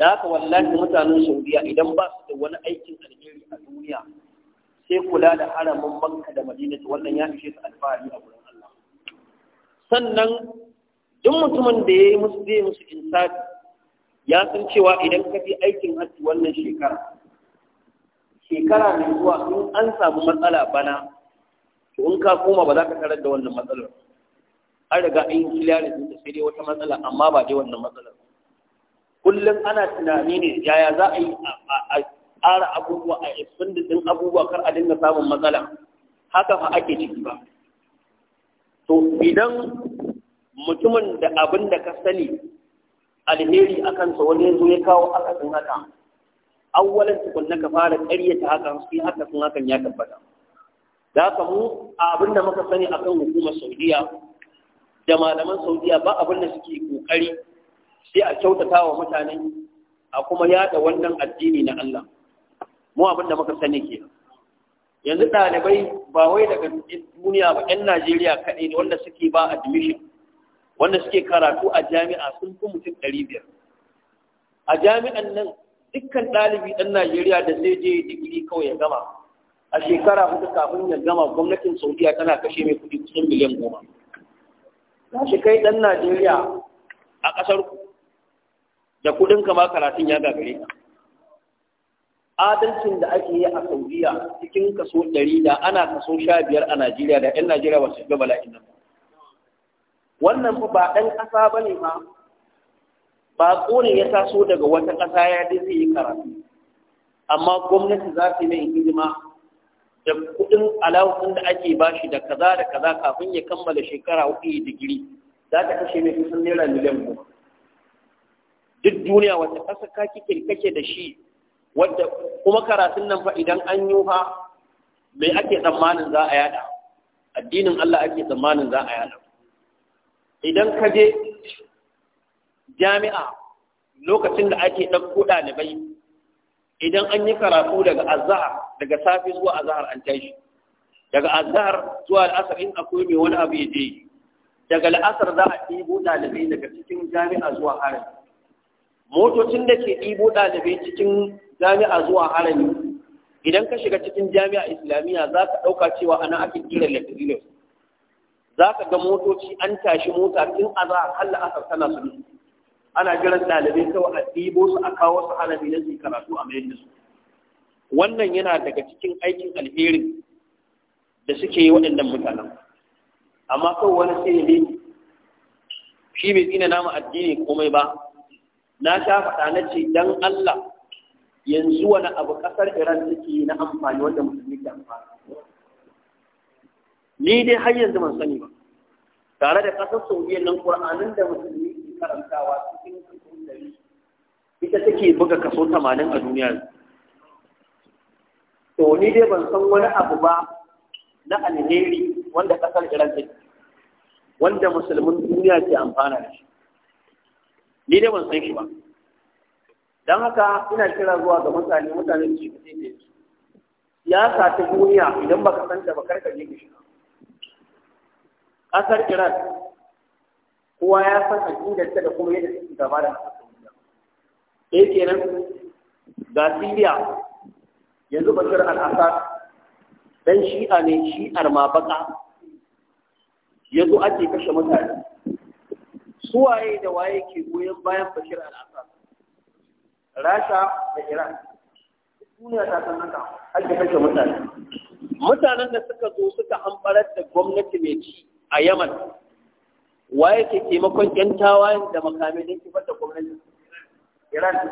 A: da haka wallahi mutanen Saudiya idan ba su da wani aikin alheri a duniya sai kula da haramin makka da madina wannan ya ishe su alfahari a gurin Allah sannan duk mutumin da ya yi musu zai musu insafi ya san cewa idan ka fi aikin hajji wannan shekara shekara mai zuwa in an samu matsala bana to in ka koma ba za ka tarar da wannan matsalar an riga an yi kiliyarin da sai dai wata matsala amma ba dai wannan matsalar kullum ana tunani ne yaya za a yi ƙara abubuwa a expanded abubuwa kar a dinga samun matsala haka fa ake ciki ba to idan mutumin da abin da ka sani alheri a kansa wani yanzu ya kawo akasin haka awwalan tukunna ka fara ƙaryata hakan sai haka sun hakan ya tabbata da haka mu abin da muka sani akan hukumar saudiya da malaman saudiya ba abin da suke ƙoƙari sai a kyautata wa mutane a kuma yada wannan addini na Allah mu abin da muka sani ke yanzu ɗalibai ba wai daga duniya ba 'yan najeriya kadai ne wanda suke ba admission wanda suke karatu a jami'a sun fi mutum ɗari a jami'an nan dukkan ɗalibi ɗan najeriya da zai je digiri kawai ya gama a shekara hudu kafin ya gama gwamnatin saudiya tana kashe mai kuɗi kusan miliyan goma na shi kai ɗan najeriya a ƙasar ku da kuɗin kama karatun ya gagare ka adalcin da ake yi a saudiya cikin kaso ɗari da ana kaso sha biyar a najeriya da yan najeriya ba su bala'in nan wannan ba ɗan ƙasa ba ne ma ba ne ya taso daga wata ƙasa ya dai zai yi karatu amma gwamnati za su yi mai hidima da kuɗin alawun da ake bashi da kaza da kaza kafin ya kammala shekara hudu digiri za ta kashe mai kusan naira miliyan goma duk duniya wata ƙasa kake kake da shi wadda kuma karatun nan fa idan an yi ha mai ake tsammanin za a yada addinin Allah ake tsammanin za a yada idan ka je jami'a lokacin da ake ɗauko ɗalibai idan an yi karatu daga azhar daga safi zuwa azhar an tashi daga azhar zuwa al'asr in akwai mai wani abu ya je daga al'asr za a ɗibo ɗalibai daga cikin jami'a zuwa harin motocin da ke ibo ɗalibai cikin jami'a zuwa harami idan ka shiga cikin jami'a islamiyya za ka ɗauka cewa ana ake kira lafirilos za ka ga motoci an tashi mota tun a za a kalla asar tana su ana jiran ɗalibai kawai a ɗibo su a kawo su harami na su karatu a mayar da su wannan yana daga cikin aikin alherin da suke yi waɗannan mutanen amma kawai wani sai ne shi bai tsina nama addini komai ba na sha faɗa na ce dan Allah yanzu wani abu kasar iran take na amfani wanda musulmi ke amfani ni dai har yanzu ban sani ba tare da kasar saudiya nan qur'anin da musulmi ke karantawa cikin kaso dari ita take buga kaso tamanin a duniya to ni dai ban san wani abu ba na alheri wanda kasar iran take wanda musulmin duniya ke amfana da shi ni dai ban san shi ba don haka ina kira zuwa ga mutane mutane su shiga ne su siyasa ta duniya idan baka san ta ba karka je shi shiga kasar Iran kowa ya san aƙidar ta da kuma yadda take gaba da kasar eh kenan ga siriya yanzu Bashir al-Assad dan shi'a ne shi'ar ma baka yanzu ake kashe mutane Su waye da waye ke goyon bayan Bashir al-Assad rasha da iran duniya ta san haka ake kashe mutane mutanen da suka zo suka hambarar da gwamnati mai ci a yaman waye ke taimakon yan tawayen da makamai don kifar da gwamnati iran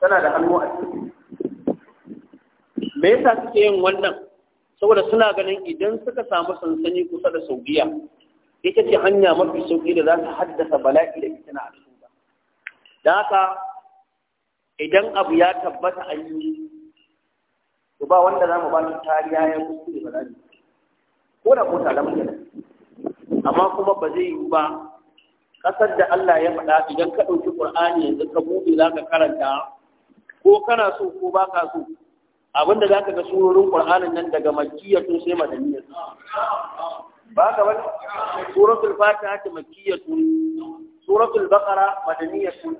A: tana da hannu a ciki me yasa suke yin wannan saboda suna ganin idan suka samu sansani kusa da saudiya ita ce hanya mafi sauki da za su haddasa bala'i da fitina a cikin da haka idan abu ya tabbata an yi to ba wanda za mu ba su tariya ya kuskure ba za ko da ko da muke amma kuma ba zai yi ba Kasar da Allah ya faɗa idan ka ɗauki Qur'ani yanzu ka buɗe za ka karanta ko kana so ko ba ka so abinda za ka ga surorin Qur'anin nan daga makkiyatu sai madaniyya ba ka bane suratul fatiha ta makkiyatu suratul baqara madaniyatu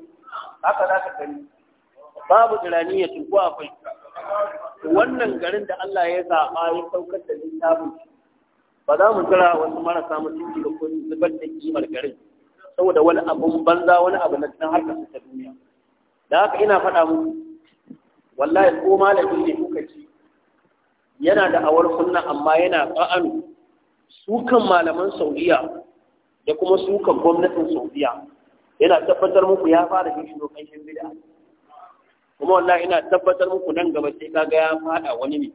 A: haka za ka gani babu tsiraniya ko akwai wannan garin da Allah ya zaɓa ya saukar da littafin ba za mu jira wasu marasa mutunci da kun zubar da kimar garin saboda wani abun banza wani abu na cikin harkar ta duniya da haka ina faɗa muku wallahi ko malamin ne kuka ci yana da awar sunna amma yana su sukan malaman saudiya da kuma sukan gwamnatin saudiya yana tabbatar muku ya fara yin shi lokacin bid'a kuma wallahi ina tabbatar muku nan gaba sai kaga ya fada wani ne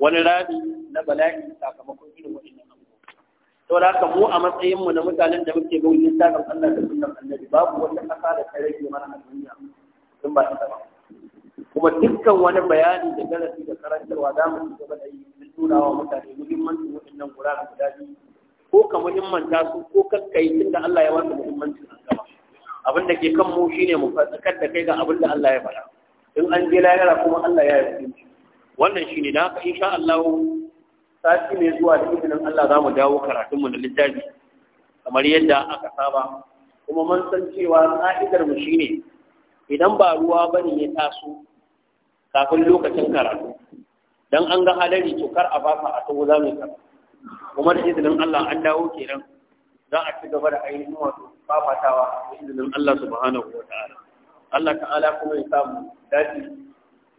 A: wani rami na bala'i sakamakon irin waɗannan abubuwa saboda haka mu a matsayin mu na mutanen da muke bin littafin Allah da sunnan Annabi babu wata kasa da ta rage mana a duniya sun ba ta ba kuma dukkan wani bayani da darasi da karantarwa za mu ci gaba da yi mun tura wa mutane muhimmancin waɗannan guraren guda biyu ko ka muhimmanta su ko kakkai tunda Allah ya wata muhimmancin an gaba abin da ke kan mu shine mu faɗakar da kai ga abin da Allah ya fara. in an je lahira kuma Allah ya yi wannan shine da haka insha Allah sati mai zuwa da izinin Allah za mu dawo karatunmu da littafi kamar yadda aka saba kuma mun san cewa ka'idar mu shine idan ba ruwa ba ne ya taso kafin lokacin karatu dan an ga hadari to kar a ba a tawo za mu kuma da izinin Allah an dawo kenan za a ci gaba da ainihin wato fafatawa da izinin Allah subhanahu wa ta'ala Allah ta'ala kuma ya samu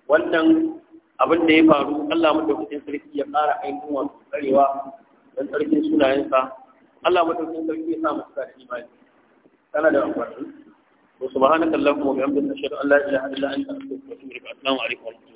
A: wannan abin da ya faru Allah madaukakin sarki ya ƙara ainihin wato tsarewa don sarkin sunayensa Allah madaukakin sarki ya samu suka da imani kana da amfani وسبحانك اللهم وبحمدك اشهد ان لا اله الا انت استغفرك واتوب اليك السلام